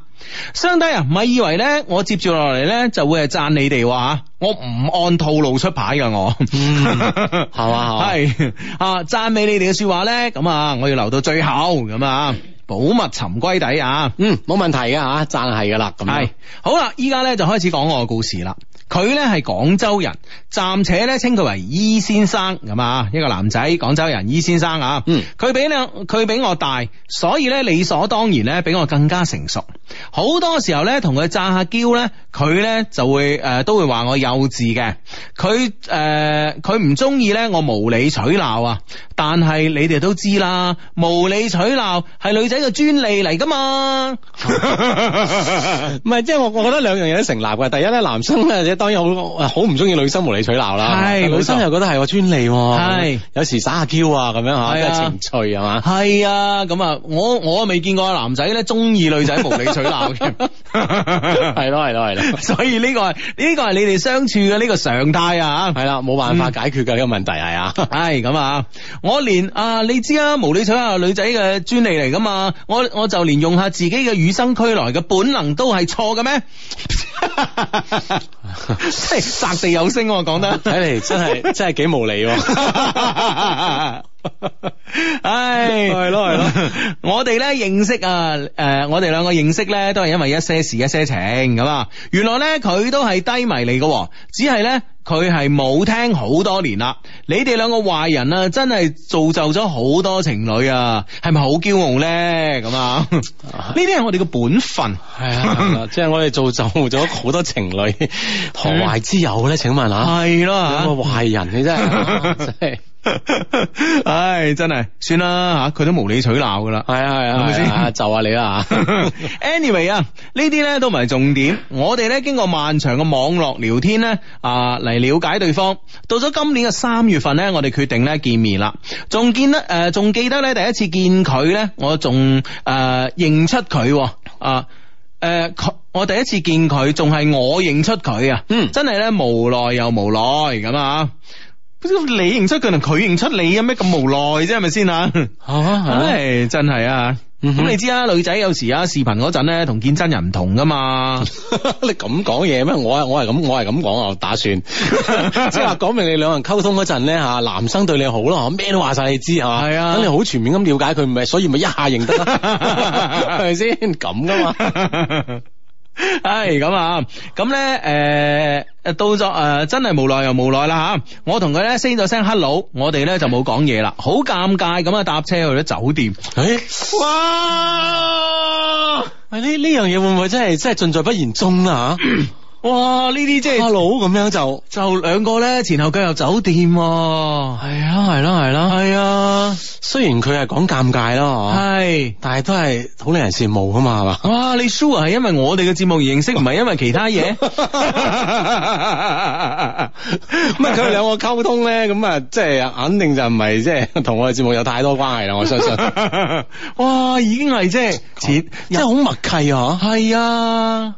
兄弟啊，唔係、啊、以為咧，我接住落嚟咧就會係讚你哋話我唔按套路出牌噶，我係嘛係啊，讚、啊啊、美你哋嘅說話咧，咁啊，我要留到最後咁啊，寶物沉歸底啊，嗯，冇問題啊，讚係噶啦，咁係好啦、啊，依家咧就開始講我嘅故事啦。佢咧係廣州人，暫且咧稱佢為伊先生咁啊，一個男仔，廣州人，伊先生啊。嗯，佢比兩，佢比我大，所以咧理所當然咧比我更加成熟。好多時候咧同佢詐下嬌咧，佢咧就會誒、呃、都會話我幼稚嘅。佢誒佢唔中意咧我無理取鬧啊。但係你哋都知啦，無理取鬧係女仔嘅專利嚟噶嘛。唔係， 即係我我覺得兩樣嘢都成立嘅。第一咧，男生啊。當然我好唔中意女生無理取鬧啦，係是，女生又覺得係個專利，係是，有時撒下嬌啊咁樣吓，一個、啊、情趣係嘛，係啊，咁啊，我我未見過男仔咧中意女仔無理取鬧嘅，係咯係咯係咯，所以呢個係呢、這個係你哋相處嘅呢、這個常態啊，係啦，冇辦法解決嘅呢、嗯、個問題係啊，係咁啊，我連啊，你知啊，無理取鬧女仔嘅專利嚟噶嘛，我我就連用下自己嘅與生俱來嘅本能都係錯嘅咩？ 嘿，擲地有聲，我講得，睇嚟真係真係幾無理。 唉，係咯係咯， 我哋咧認識啊，誒、uh,，我哋兩個認識咧都係因為一些事一些情咁啊。原來咧佢都係低迷嚟噶，只係咧佢係冇聽好多年啦。你哋兩個壞人 啊, 啊，真係造就咗好多情侶啊，係咪好驕傲咧？咁啊，呢啲係我哋嘅本分，係啊，即係我哋造就咗好多情侶，何壞之有咧？請問下，係咯啊，壞人你真係。 唉，真係算啦吓，佢、啊、都無理取鬧噶啦，係啊係啊，係咪先？就下你啦。Anyway 啊，呢啲咧都唔係重點，我哋咧經過漫長嘅網絡聊天咧，啊嚟了解對方。到咗今年嘅三月份咧，我哋決定咧見面啦。仲見得誒，仲記得咧、呃、第一次見佢咧，我仲誒、呃、認出佢啊。誒、呃，我第一次見佢，仲係我認出佢啊。嗯，真係咧無奈又無奈咁啊。你認出佢同佢認出你有咩咁無奈啫？係咪先啊？唉 嗎，真係啊！咁 你知啊，女仔有時啊視頻嗰陣咧，同見真人唔同噶嘛。 你咁講嘢咩？我我係咁，我係咁講啊！打算即係話講明你兩個人溝通嗰陣咧吓，男生對你好咯，咩都話晒你知係嘛？係啊，等你好全面咁了解佢，咪所以咪一下認得啦？係咪先咁噶嘛？係咁啊，咁咧誒誒，到咗誒、呃，真係無奈又無奈啦吓、啊，我同佢咧 say 咗聲 hello，我哋咧就冇講嘢啦，好尷尬咁啊，搭車去咗酒店，誒，欸、哇，喂呢呢樣嘢會唔會真係真係盡在不言中啊？ 哇！呢啲即係大佬咁樣就就兩個咧前後腳入酒店，係啊係啦係啦，係啊。雖然佢係講尷尬咯，係，但係都係好令人羨慕噶嘛，係嘛？哇！你 Sure 係因為我哋嘅節目而認識，唔係因為其他嘢。咁啊，佢哋兩個溝通咧，咁啊，即係肯定就唔係即係同我哋節目有太多關係啦。我相信。哇！已經係即係即係好默契啊！係啊。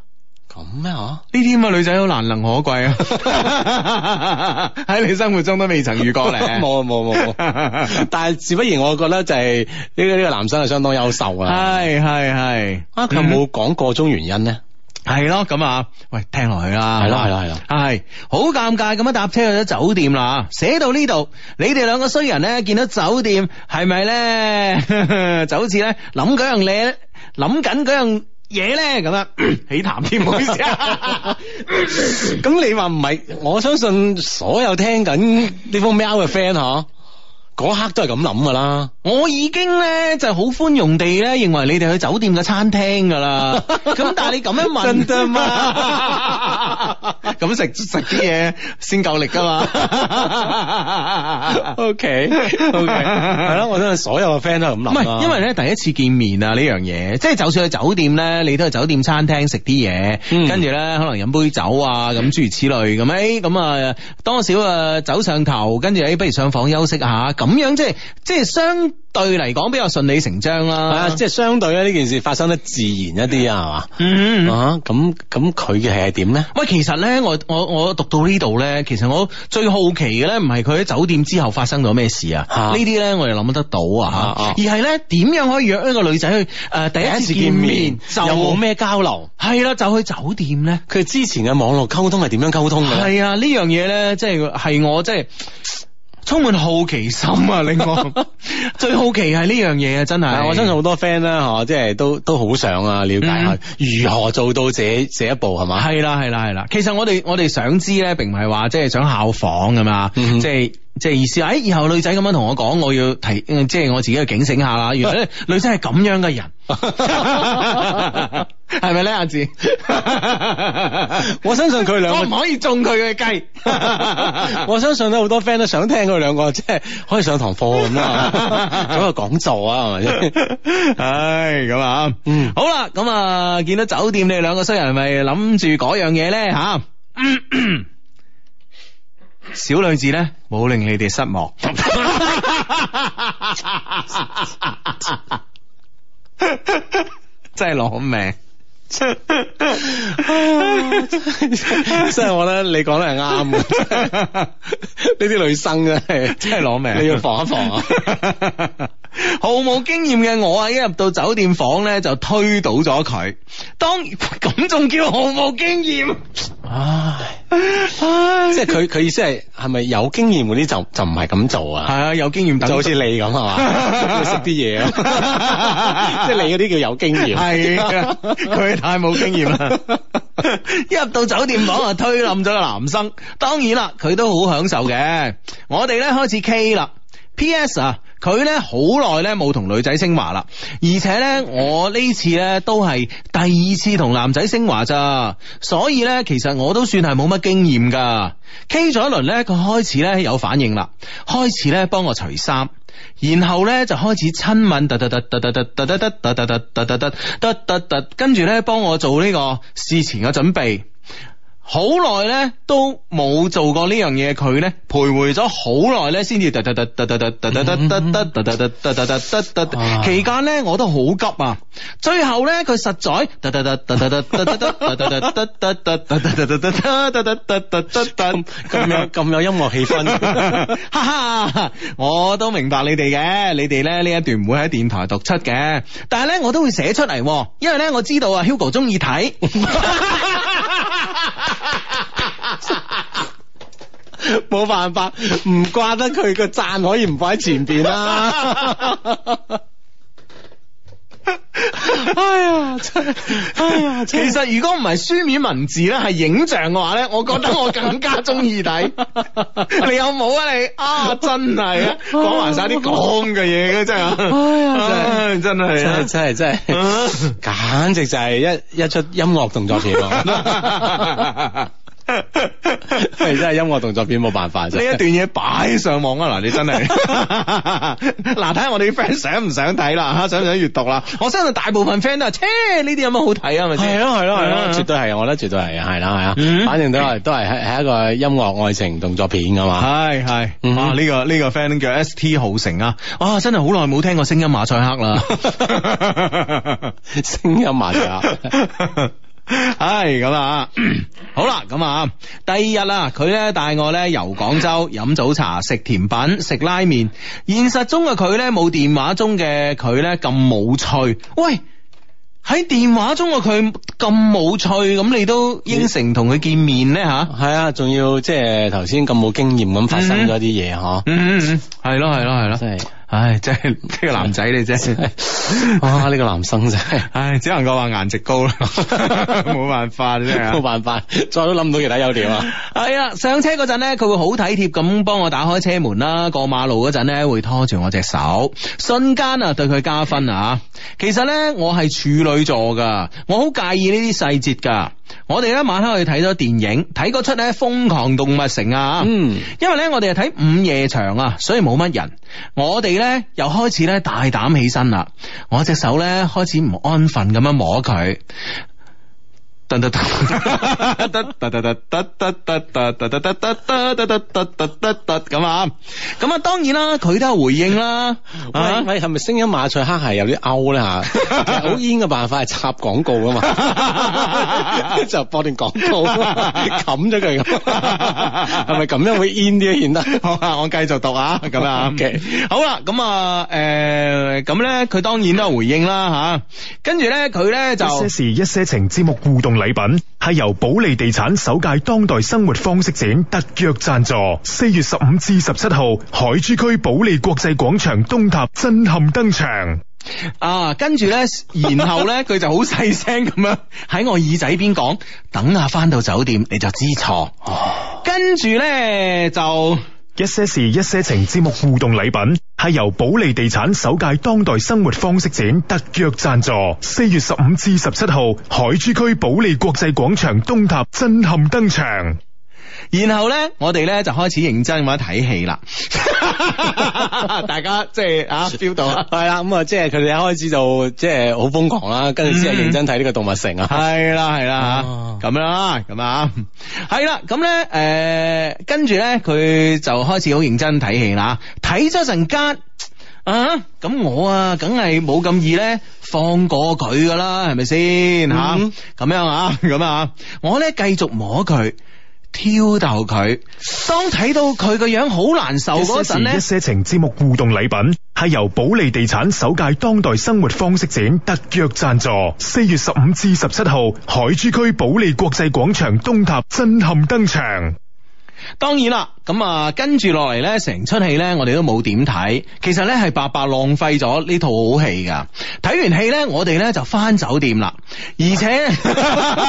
咁咩吓？呢啲咁嘅女仔好難能可貴啊！喺你生活中都未曾遇過咧。冇冇冇，但係自不然，我覺得就係呢個呢個男生係相當優秀啊！係係係啊！佢 有冇講個中原因咧？係咯，咁 啊，喂，聽落去啦。係咯係咯係咯，係好尷尬咁啊！搭車去咗酒店啦，寫到呢度，你哋兩個衰人咧見到酒店係咪咧就好似咧諗嗰樣嘢，諗緊嗰樣嘢咧咁樣起談添，唔好意思啊。咁你話唔係，我相信所有聽緊呢封 mail 嘅 friend 嚇。嗰刻都係咁諗噶啦，我已經咧就係好寬容地咧認為你哋去酒店嘅餐廳噶啦。咁 但係你咁樣問，真㗎嘛？咁食食啲嘢先夠力㗎嘛？O K O K，係咯，我相信所有嘅 friend 都係咁諗。唔係，因為咧第一次見面啊呢樣嘢，即係就算去酒店咧，你都係酒店餐廳食啲嘢，跟住咧可能飲杯酒啊咁諸如此類咁。哎、嗯，咁啊多少啊走上頭，跟住哎不如上房休息下咁。咁樣即係即係相對嚟講比較順理成章啦，啊，即係相對咧呢件事發生得自然一啲啊，係嘛，嗯嗯，啊咁咁佢嘅係點咧？喂，其實咧我我我讀到呢度咧，其實我最好奇嘅咧唔係佢喺酒店之後發生咗咩事啊，呢啲咧我哋諗得到啊，而係咧點樣可以約一個女仔去誒、啊、第一次見面又冇咩交流？係咯有，走去酒店咧？佢之前嘅網絡溝通係點樣溝通嘅？係啊，呢樣嘢咧即係係我即係。即充滿好奇心啊！令我 最好奇係呢樣嘢啊！真係我相信好多 friend 啦，嗬，即係都都好想啊，了解下、嗯、如何做到這這一步，係嘛、嗯？係啦係啦係啦！其實我哋我哋想知咧，並唔係話即係想效仿噶嘛、嗯哼，即係即係意思，哎，以後女仔咁樣同我講，我要提，即係我自己去警醒下啦。原來女仔係咁樣嘅人。 係咪呢？阿志？ 我相信佢兩個唔可以中佢嘅計。 我相信咧，好多 friend 都想聽佢兩個即係 可以上堂課咁啊，仲有講座啊，係咪先？唉，咁啊，嗯，好啦，咁啊，見到酒店你哋兩個衰人，咪諗住嗰樣嘢咧吓？ 小女子咧，冇令你哋失望， 真係攞命。即係我覺得你講得係啱，呢啲、 啊、 女生真係真係攞命， 你要防一防啊！ 毫無經驗嘅我啊，一入到酒店房咧就推倒咗佢，當然，咁仲叫毫無經驗？ 唉！即係佢佢，意思係係咪有經驗嗰啲就就唔係咁做啊？係啊，有經驗就好似你咁係嘛？識啲嘢，啊。 即係你嗰啲叫有經驗。係佢、 啊、太冇經驗啦！ 一入到酒店房啊，推冧咗個男生。當然啦，佢都好享受嘅。 我哋咧開始 K 啦。P.S. 啊！佢咧好耐咧冇同女仔升華啦，而且咧我呢次咧都係第二次同男仔升華咋，所以咧其實我都算係冇乜經驗噶。K 咗一輪咧，佢開始咧有反應啦，開始咧幫我除衫，然後咧就開始親吻，噠噠噠噠噠噠噠噠噠噠噠噠噠噠噠噠，跟住咧幫我做呢個事前嘅準備。好耐咧都冇做過呢樣嘢，佢咧徘徊咗好耐咧，先至噠噠噠噠噠噠噠噠噠噠噠噠噠噠噠噠噠。嗯、期間咧我都好急啊，最後咧佢實在噠噠噠噠噠噠噠噠噠噠噠噠噠噠噠噠噠噠噠噠噠咁有咁有音樂氣氛，哈哈，我都明白你哋嘅，你哋咧呢一段唔會喺電台讀出嘅，但係咧我都會寫出嚟，因為咧我知道啊 Hugo 中意睇。 哈哈哈哈哈哈，冇辦法，唔怪得佢個讚可以唔擺喺前邊啦，啊。 哎呀，真係，哎呀，其實如果唔係書面文字咧，係影像嘅話咧，我覺得我更加中意睇。你有冇啊？你啊，真係啊，講埋晒啲講嘅嘢嘅真係，哎呀，真係，真係的的，真係，真係、啊，簡直就係一，一出音樂動作片。目。 係真係音樂動作片，冇辦法啫！呢 一段嘢擺上網啊，嗱你真係嗱睇下我哋啲 friend 想唔想睇啦？哈想唔想閱讀啦？ 我相信大部分 friend 都話切呢啲有乜好睇啊？係咯係咯係咯，啊啊啊、絕對係，我諗絕對係，係啦係啊，反正都係都係係一個音樂愛情動作片噶嘛。係係、嗯、啊呢、啊這個呢、這個 friend 叫 S T 浩成啊，啊，啊真係好耐冇聽過聲音馬賽克啦，聲 音馬賽克。 唉，咁 啊， 好啦，咁啊，第二日啦，啊，佢咧帶我咧遊廣州，飲早茶，食甜品，食拉麵。現實中嘅佢咧冇電話中嘅佢咧咁冇趣。喂，喺電話中嘅佢咁冇趣，咁你都應承同佢見面咧吓？係啊，仲 要即係頭先咁冇經驗咁發生咗啲嘢嗬？嗯嗯嗯，係咯係咯係咯，真係。唉，真係呢，這個男仔嚟啫，啊呢，這個男生真係，唉，只能夠話顏值高啦，冇 辦法真係是，冇辦法，再都諗唔到其他優點啊。係 啊，上車嗰陣咧，佢會好體貼咁幫我打開車門啦。過馬路嗰陣咧，會拖住我隻手，瞬間啊對佢加分啊。其實咧，我係處女座噶，我好介意呢啲細節噶。我哋咧晚黑去睇咗電影，睇嗰出咧《瘋狂動物城》啊，嗯，因為咧我哋係睇午夜場啊，所以冇乜人。我哋咧又開始咧大膽起身啦，我隻手咧開始唔安分咁樣摸佢。得得得，得得得得得得得得得得得得得得得得咁啊！咁啊，當然啦，佢都有回應啦。喂喂，係咪聲音馬賽克係有啲 out 咧吓？好 in 嘅辦法係插廣告噶嘛？就播段廣告，冚咗佢咁。係咪咁樣會 in 啲先得？我我繼續讀啊，咁啊，OK，好啦，咁啊，誒，咁咧，佢當然都有回應啦吓。跟住咧，佢咧就一些事、一些情節目互動。禮品係由保利地產首屆當代生活方式展特約讚助，四月十五至十七號，海珠區保利國際廣場東塔震撼登場。啊，跟住呢，然後呢，佢 就好細聲咁樣喺我耳仔邊講，等下返到酒店你就知錯。跟住呢，就。一些事，一些情。節目互動禮品係由保利地產首屆當代生活方式展特約贊助，四月十五至十七號，海珠區保利國際廣場東塔震撼登場。然後咧，我哋咧就開始認真咁樣睇戲啦。大家即係啊 feel 到係啦，咁啊，即係佢哋一開始就即係好瘋狂啦，跟住先係認真睇呢個動物城啊。係、嗯、啦，係啦， 吓咁、哦、樣啦，咁啊，係啦。咁咧，誒，跟住咧，佢就開始好認真睇戲啦。睇咗陣間啊，咁我啊，梗係冇咁易咧放過佢噶啦，係咪先吓？咁樣啊，咁啊，我咧繼續摸佢。挑逗佢，當睇到佢個樣好難受嗰陣。呢一些情節目互動禮品係由保利地產首屆當代生活方式展特約贊助，四月十五至十七號，海珠區保利國際廣場東塔震撼登場。當然啦，咁啊跟住落嚟咧，成出戲咧，我哋都冇點睇，其實咧係白白浪費咗呢套好戲噶。睇完戲咧，我哋咧就返酒店啦，而且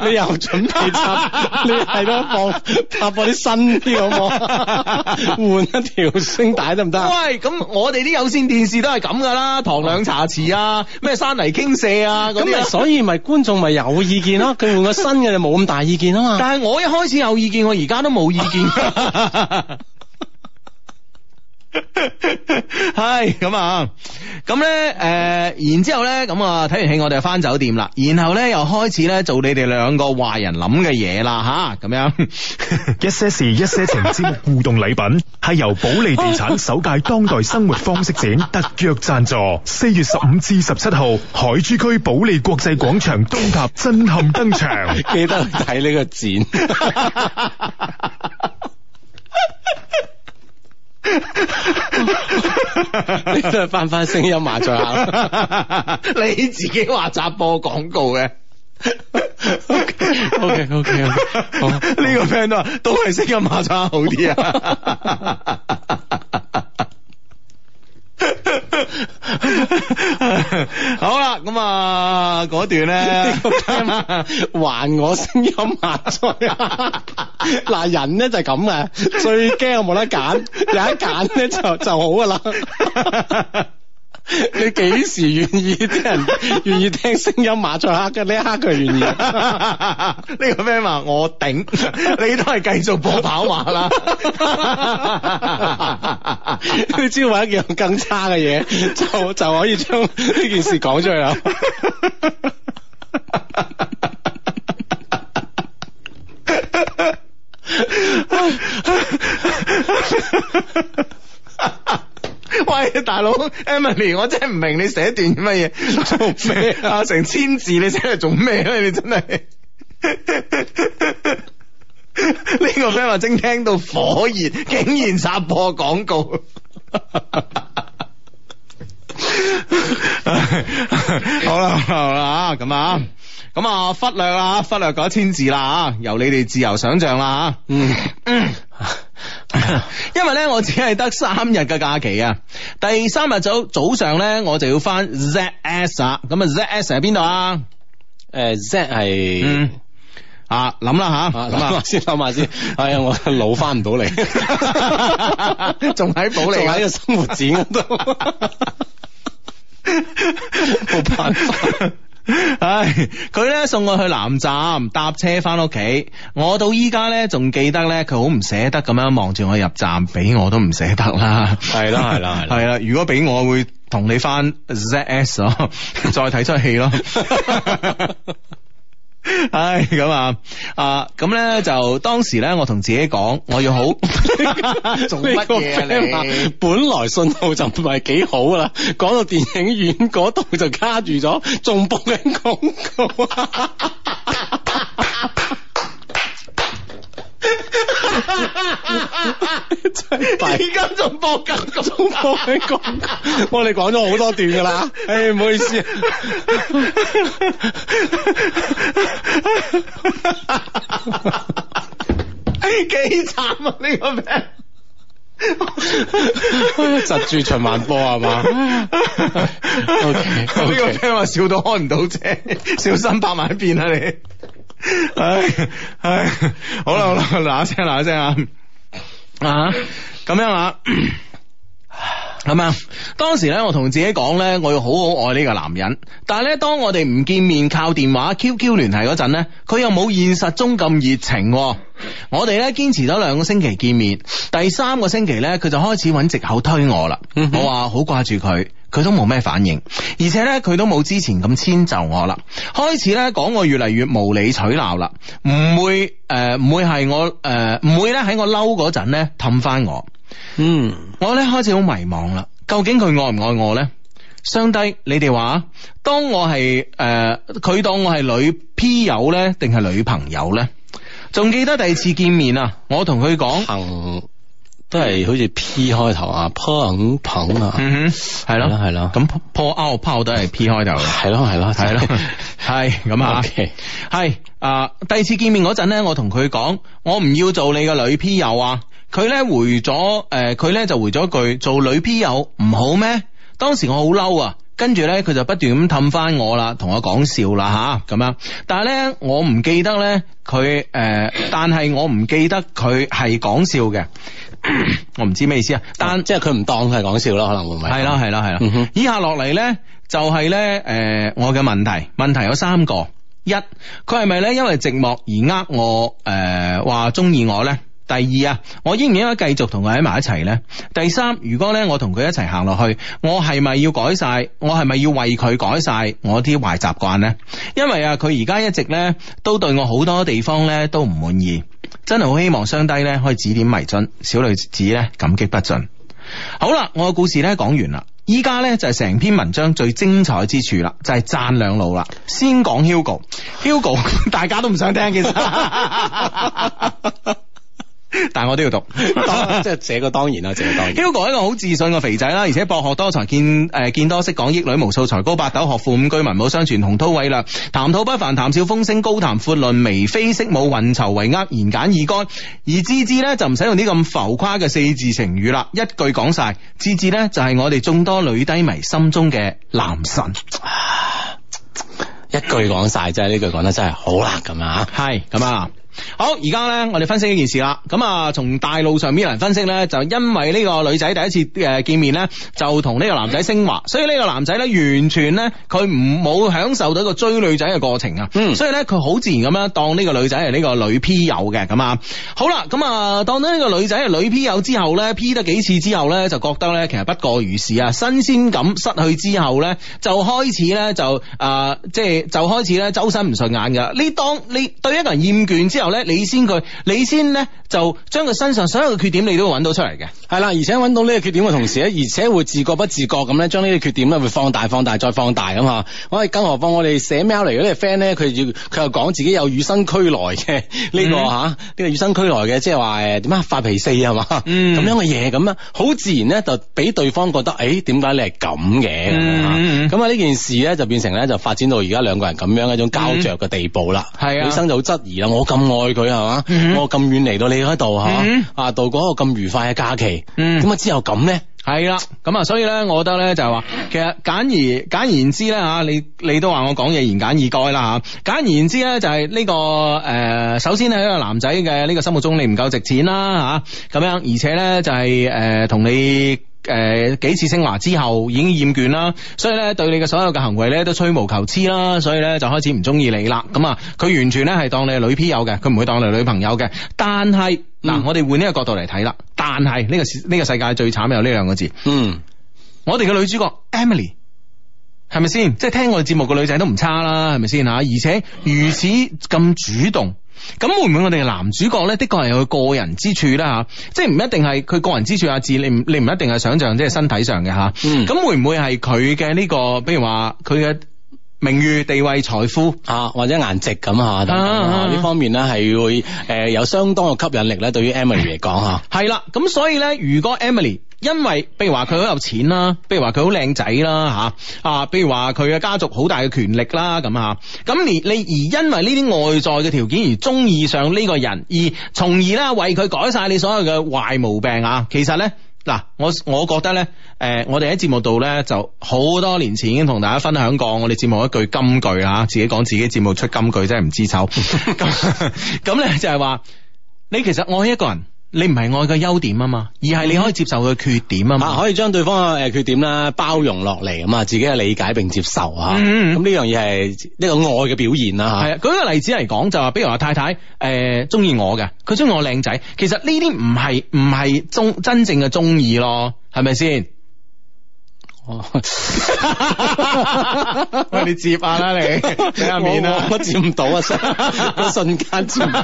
你又準備插，你係咯放插播啲新啲好冇？換一條聲帶得唔得？喂，咁我哋啲有線電視都係咁噶啦，糖兩茶匙啊，咩山泥傾瀉啊咁，所以咪觀眾咪有意見咯，佢換個新嘅就冇咁大意見啊嘛。 但係我一開始有意見，我而家。都冇意見。係咁啊，咁 呢。誒、呃，然之後呢咁啊，睇完戲我哋就翻酒店啦，然後呢，又開始呢，做你哋兩個壞人諗嘅嘢啦吓，咁樣。 一些事，一些情，節目互動禮品係 由保利地產首屆當代生活方式展特約 贊助，四月十五至十七號，海珠區保利國際廣場東塔震撼登場。 記得睇呢個展。 你都係翻翻聲音麻醉下， 你自己話扎播廣告嘅。O K O K O K，呢個 friend 都話都係聲音麻醉好啲啊。 好啦，咁啊嗰段咧， 還我聲音啊！嗱，人咧就係咁嘅，最驚我冇得揀， 有得揀咧就就好噶啦。 你幾時願意啲人願意聽聲音馬賽克嘅呢一刻佢願意？呢個咩話？我頂！你都係繼續播跑馬啦！你只要揾一樣更差嘅嘢，就就可以將呢件事講出去啦！喂，大佬 Emily，我真係唔明你寫段乜嘢？做咩啊？成千字你寫嚟做咩咧？你真係呢 個《飛華精》聽到火熱，竟然插播廣告。 好啦好啦吓，咁啊咁、嗯、啊，忽略啦，忽略嗰千字啦，由你哋自由想象啦吓。嗯嗯。因為咧，我只係得三日嘅假期啊！第三日早早上咧，我就要翻 ZS、嗯、啊。咁啊，ZS 喺邊度啊？誒，Z 係啊諗啦吓，諗下吧先，諗下先。哎呀，我老翻唔到嚟，仲喺保利，仲喺個生活展度、啊，冇辦法。唉，佢咧送我去南站搭車翻屋企，我到依家咧仲記得咧，佢好唔捨得咁樣望住我入站，俾我都唔捨得啦。係啦係啦係啦，係啦。如果俾我，我會同你翻 ZS 咯，再睇出戲咯。唉，咁啊，啊，咁咧就當時咧，我同自己講，我要好 你做乜嘢嚟？ 本來信號就唔係幾好啦，講到電影院嗰度就卡住咗，仲播緊廣告啊！ 真係而家仲播緊，仲播緊講，我哋講咗好多段噶啦。誒、哎，唔好意思，幾 慘啊呢，這個名，窒住循環播係嘛？呢 okay, okay. 個聽話笑到開唔到車， 小心拍埋一邊啊你。 唉唉，好啦好啦，嗱聲嗱聲啊，啊咁 樣啊，咁啊，當時咧我同自己講咧，我要好好愛呢個男人，但係咧當我哋唔見面靠電話、QQ 聯繫嗰陣咧，佢又冇現實中咁熱情，我哋咧堅持咗兩個星期見面，第三個星期咧佢就開始揾藉口推我啦，我話好掛住佢。佢都冇咩反應，而且咧佢都冇之前咁遷就我啦。開始咧講我越嚟越無理取鬧啦，唔會誒唔、呃、會係我誒唔會咧喺我嬲嗰陣咧氹翻我。呃、我我嗯，我咧開始好迷茫啦，究竟佢愛唔愛我咧？相低，你哋話啊？當我係誒佢當我係女 P 友咧，定係女朋友咧？仲記得第二次見面啊？我同佢講。嗯都係好似 P 開頭啊，捧捧啊，係、嗯、哼咯係咯咁，p 拋拋都係 P 開頭嘅，係咯係咯係咯係咁啊，係啊、呃。第二次見面嗰陣咧，我同佢講，我唔要做你嘅女 P 友啊。佢咧回咗誒，佢、呃、咧就回咗句，做女 P 友唔好咩？當時我好嬲啊，跟住咧佢就不斷咁氹翻我啦，同我講笑啦吓咁樣。但係咧我唔記得咧佢誒，但係我唔記得佢係、呃、講笑嘅。 我唔知咩意思啊，但、哦、即係佢唔當佢係講笑咯，可能會唔會？係啦係啦係啦。嗯、哼以下落嚟呢，就係、是、呢，誒、呃，我嘅問題，問題有三個：一，佢係咪呢？因為寂寞而呃我？誒、呃，話中意我呢；第二啊，我應唔應該繼續同佢喺埋一齊呢？第三，如果呢，我同佢一齊行落去，我係咪要改晒？我係咪要為佢改晒我啲壞習慣呢？因為啊，佢而家一直呢，都對我好多地方呢，都唔滿意。真係好希望商低咧可以指點迷津，小女子咧感激不盡。好啦，我嘅故事咧講完啦，依家咧就係成篇文章最精彩之處啦，就係、是、贊兩路啦。先講 Hugo，Hugo 大家都唔想聽，其實。 但我都要讀，即係寫個當然啦，寫、這個當然。Hugo 一個好自信嘅肥仔啦，而且博學多才見，見誒見多識廣，益女無數，才高八斗，學富五車，文武雙全，雄韜偉略，談吐不凡，談 rocks, 笑風生，高談闊論，眉飛色舞，運籌帷幄，言簡意賅。而智智呢，就唔使用啲咁浮誇嘅四字成語啦，一句講晒。智智呢，就係我哋眾多女低迷心中嘅男神。一句講晒真係呢句講得真係好啦咁啊，係咁啊。 好，而家呢，我哋分析呢件事啦。咁啊，從大路上面嚟分析呢，就因為呢個女仔第一次誒見面呢，就同呢個男仔升華，所以呢個男仔呢，完全呢，佢唔冇享受到個追女仔嘅過程啊。嗯，所以呢，佢好自然咁樣當呢個女仔係呢個女 P 友嘅咁啊。好啦，咁啊，當呢個女仔係女 P 友之後呢，P 得幾次之後呢，就覺得呢，其實不過如是啊，新鮮感失去之後呢，就開始呢、呃，就啊、是，即係就開始呢，周身唔順眼噶。你當你對一個人厭倦之後，然後咧，你先佢，你先咧就將佢身上所有嘅缺點，你都揾到出嚟嘅，係啦。而且揾到呢個缺點嘅同時咧，而且會自覺不自覺咁咧，將呢個缺點咧會放大、放大再放大咁我喂，更何況我哋寫 mail 嚟嘅呢個 friend 咧，佢要佢又講自己有與生俱來嘅呢、 這個吓，呢、mm. 啊這個這個與生俱來嘅，即係話誒點啊發脾氣係嘛，咁、mm. 樣嘅嘢咁啊，好自然咧就俾對方覺得誒，點、哎、解你係咁嘅咁啊？呢件事咧就變成咧就發展到而家兩個人咁樣一種膠着嘅地步啦。係啊、mm. 嗯，女生就好質疑啦，我咁。愛佢係嘛，mm hmm. 我咁遠嚟到你嗰度吓，mm hmm. 啊度過一個咁愉快嘅假期，咁、mm hmm. 之後咁咧，係啦，咁啊，所以咧，我覺得咧就係話，其實簡而簡而言之咧吓，你你都說我說話我講嘢言簡意賅啦吓，簡而言之咧就係呢、呢個誒、呃，首先喺個男仔嘅呢個心目中你唔夠值錢啦吓，咁、啊、樣，而且咧就係誒同你。誒、呃，幾次升華之後已經厭倦啦，所以咧對你嘅所有嘅行為咧都吹毛求疵啦，所以咧就開始唔中意你啦。咁啊，佢完全咧係當你係女 P 友嘅，佢唔會當你女朋友嘅。但係嗱、嗯，我哋換呢個角度嚟睇啦。但係呢、這個呢、這個世界最慘有呢兩個字。嗯，我哋嘅女主角 Emily 係咪先？即係聽我哋節目嘅女仔都唔差啦，係咪先吓？而且如此咁主動。咁會唔會我哋嘅男主角咧，的確係有佢個人之處咧吓，即係唔一定係佢個人之處阿智，你唔你唔一定係想象即係身體上嘅吓，咁、嗯、會唔會係佢嘅呢個比如話佢嘅名譽地位財富啊或者顏值咁吓等等啊呢方面咧，係會誒有相當嘅吸引力咧，對於 Emily 嚟講吓，係啦、嗯，咁所以咧如果 Emily。因為，譬如話佢好有錢啦，譬如話佢好靚仔啦，吓，啊，譬如話佢嘅家族好大嘅權力啦，咁、啊、吓，咁你你而因為呢啲外在嘅條件而中意上呢個人，而從而咧為佢改晒你所有嘅壞毛病啊，其實咧，嗱、啊，我我覺得咧，誒、呃，我哋喺節目度咧就好多年前已經同大家分享過我哋節目一句金句啊，自己講自己節目出金句真係唔知醜，咁咧 就係話，你其實愛一個人。你唔係愛嘅優點啊嘛，而係你可以接受佢嘅缺點啊嘛，可以將對方嘅，誒、缺點啦，包容落嚟，咁啊，自己嘅理解並接受吓，咁呢、嗯、樣嘢係一個愛嘅表現啦吓。係啊，舉個例子嚟講，就話比如話太太誒，中意我嘅，佢中意我靚仔，其實呢啲唔係唔係中真正嘅中意咯，係咪先？哦，我哋接下啦，你睇下面啦，我接唔到啊， 瞬，瞬間接唔到。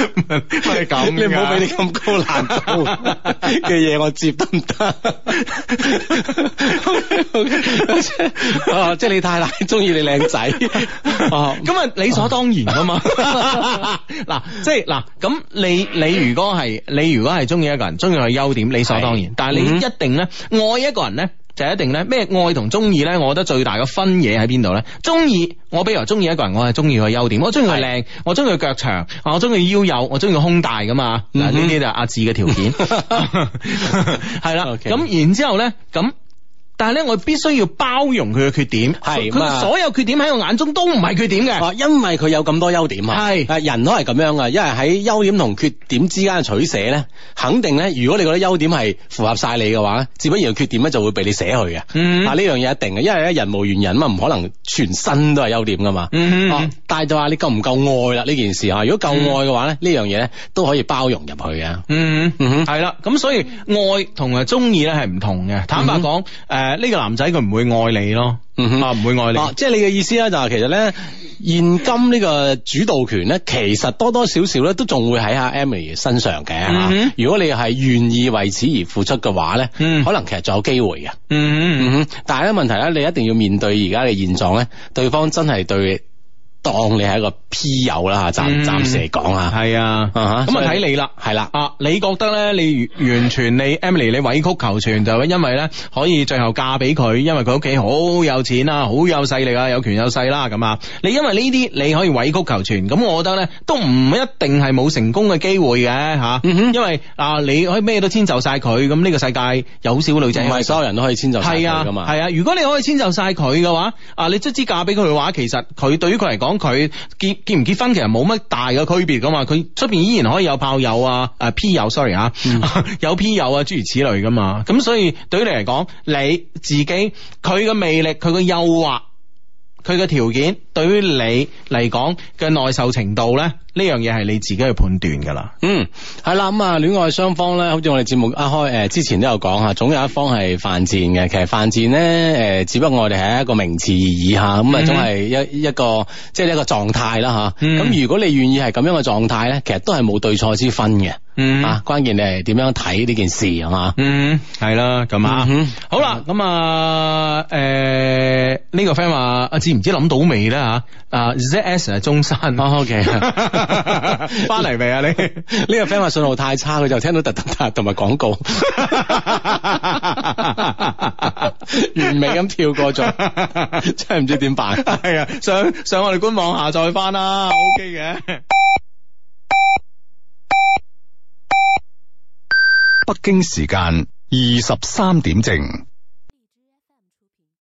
乜咁？ 你唔好俾你咁高難度嘅嘢我接得唔得？哦，即係你太乸中意你靚仔。咁、uh, 啊理所當然啊嘛。嗱、 啊，即係嗱，咁、啊、你你如果係你如果係中意一個人，中意佢優點，理所當然。是但係你一定咧愛、嗯、一個人咧。就一定咧，咩愛同中意咧？我覺得最大嘅分野喺邊度咧？中意我，比如話中意一個人，我係中意佢嘅優點，我中意佢靚，的我中意佢腳長，我中意佢腰有，我中意佢胸大噶嘛。嗱、嗯哼，呢啲就阿志嘅條件，係啦。ok，咁然之後咧，咁。但係咧，我必須要包容佢嘅缺點，係佢所有缺點喺我眼中都唔係缺點嘅，因為佢有咁多優點啊。係，人都係咁樣啊，因為喺優點同缺點之間嘅取捨咧，肯定咧，如果你覺得優點係符合曬你嘅話，只不然缺點咧就會被你捨去嘅。嗯，啊呢樣嘢一定嘅，因為咧人無完人啊嘛，唔可能全身都係優點㗎嘛。嗯，哦，但係就話你夠唔夠愛啦呢件事啊，如果夠愛嘅話咧，呢樣嘢都可以包容入去嘅。嗯嗯，係啦，咁所以愛同埋中意咧係唔同嘅，坦白講，誒。呢個男仔佢唔會愛你咯，啊唔會愛你，即係你嘅意思咧就係、是、其實咧，現今呢個主導權咧，其實多多少少咧都仲會喺阿 Emily 身上嘅吓、mm hmm. 啊。如果你係願意為此而付出嘅話咧，mm hmm. 可能其實仲有機會嘅。Mm hmm. 嗯嗯，但係咧問題咧，你一定要面對而家嘅現狀咧，對方真係對。當你係一個 P 友啦，暫暫時嚟講、嗯、啊，係啊，咁啊睇你啦，係啦，啊你覺得咧，你完全你 Emily 你委曲求全，就係、因為咧可以最後嫁俾佢，因為佢屋企好有錢啊，好有勢力啊，有權有勢啦、啊，咁啊，你因為呢啲你可以委曲求全，咁我覺得咧都唔一定係冇成功嘅機會嘅吓，啊嗯、哼因為啊你可以咩都遷就晒佢，咁呢個世界有好少女仔唔係，所有人都可以遷就晒佢噶嘛，係啊，啊，如果你可以遷就晒佢嘅話，啊你卒之嫁俾佢嘅話，其實佢對於佢嚟講。講佢結結唔結婚，其實冇乜大嘅區別噶嘛，佢出邊依然可以有炮友啊，誒、啊、P 友，sorry 啊，嗯、 有 P 友啊，諸如此類噶嘛，咁所以對於你嚟講，你自己佢嘅魅力，佢嘅誘惑。佢嘅條件對於你嚟講嘅耐受程度咧，呢樣嘢係你自己去判斷噶啦。嗯，係啦，咁啊，戀愛雙方咧，好似我哋節目一開誒，之前都有講吓，總有一方係犯賤嘅。其實犯賤咧，誒、呃，只不過我哋係一個名詞而已吓，咁、嗯、哼啊，總係一一個即係一個狀態啦吓。咁如果你願意係咁樣嘅狀態咧，其實都係冇對錯之分嘅。嗯，啊、關鍵你係點樣睇呢件事係嘛？嗯，係啦、嗯，咁啊、嗯，好啦，咁啊，誒、嗯，呢、這個 friend 話阿志唔知諗到未咧吓，啊 ZS 係中山、 哦、，OK，翻嚟未啊你？呢個 friend 話信號太差，佢就聽到突突同埋廣告， 完美咁跳過咗，真係唔知點辦，係啊， 上上我哋官網下載翻啦，OK 嘅。北京時間二十三點正。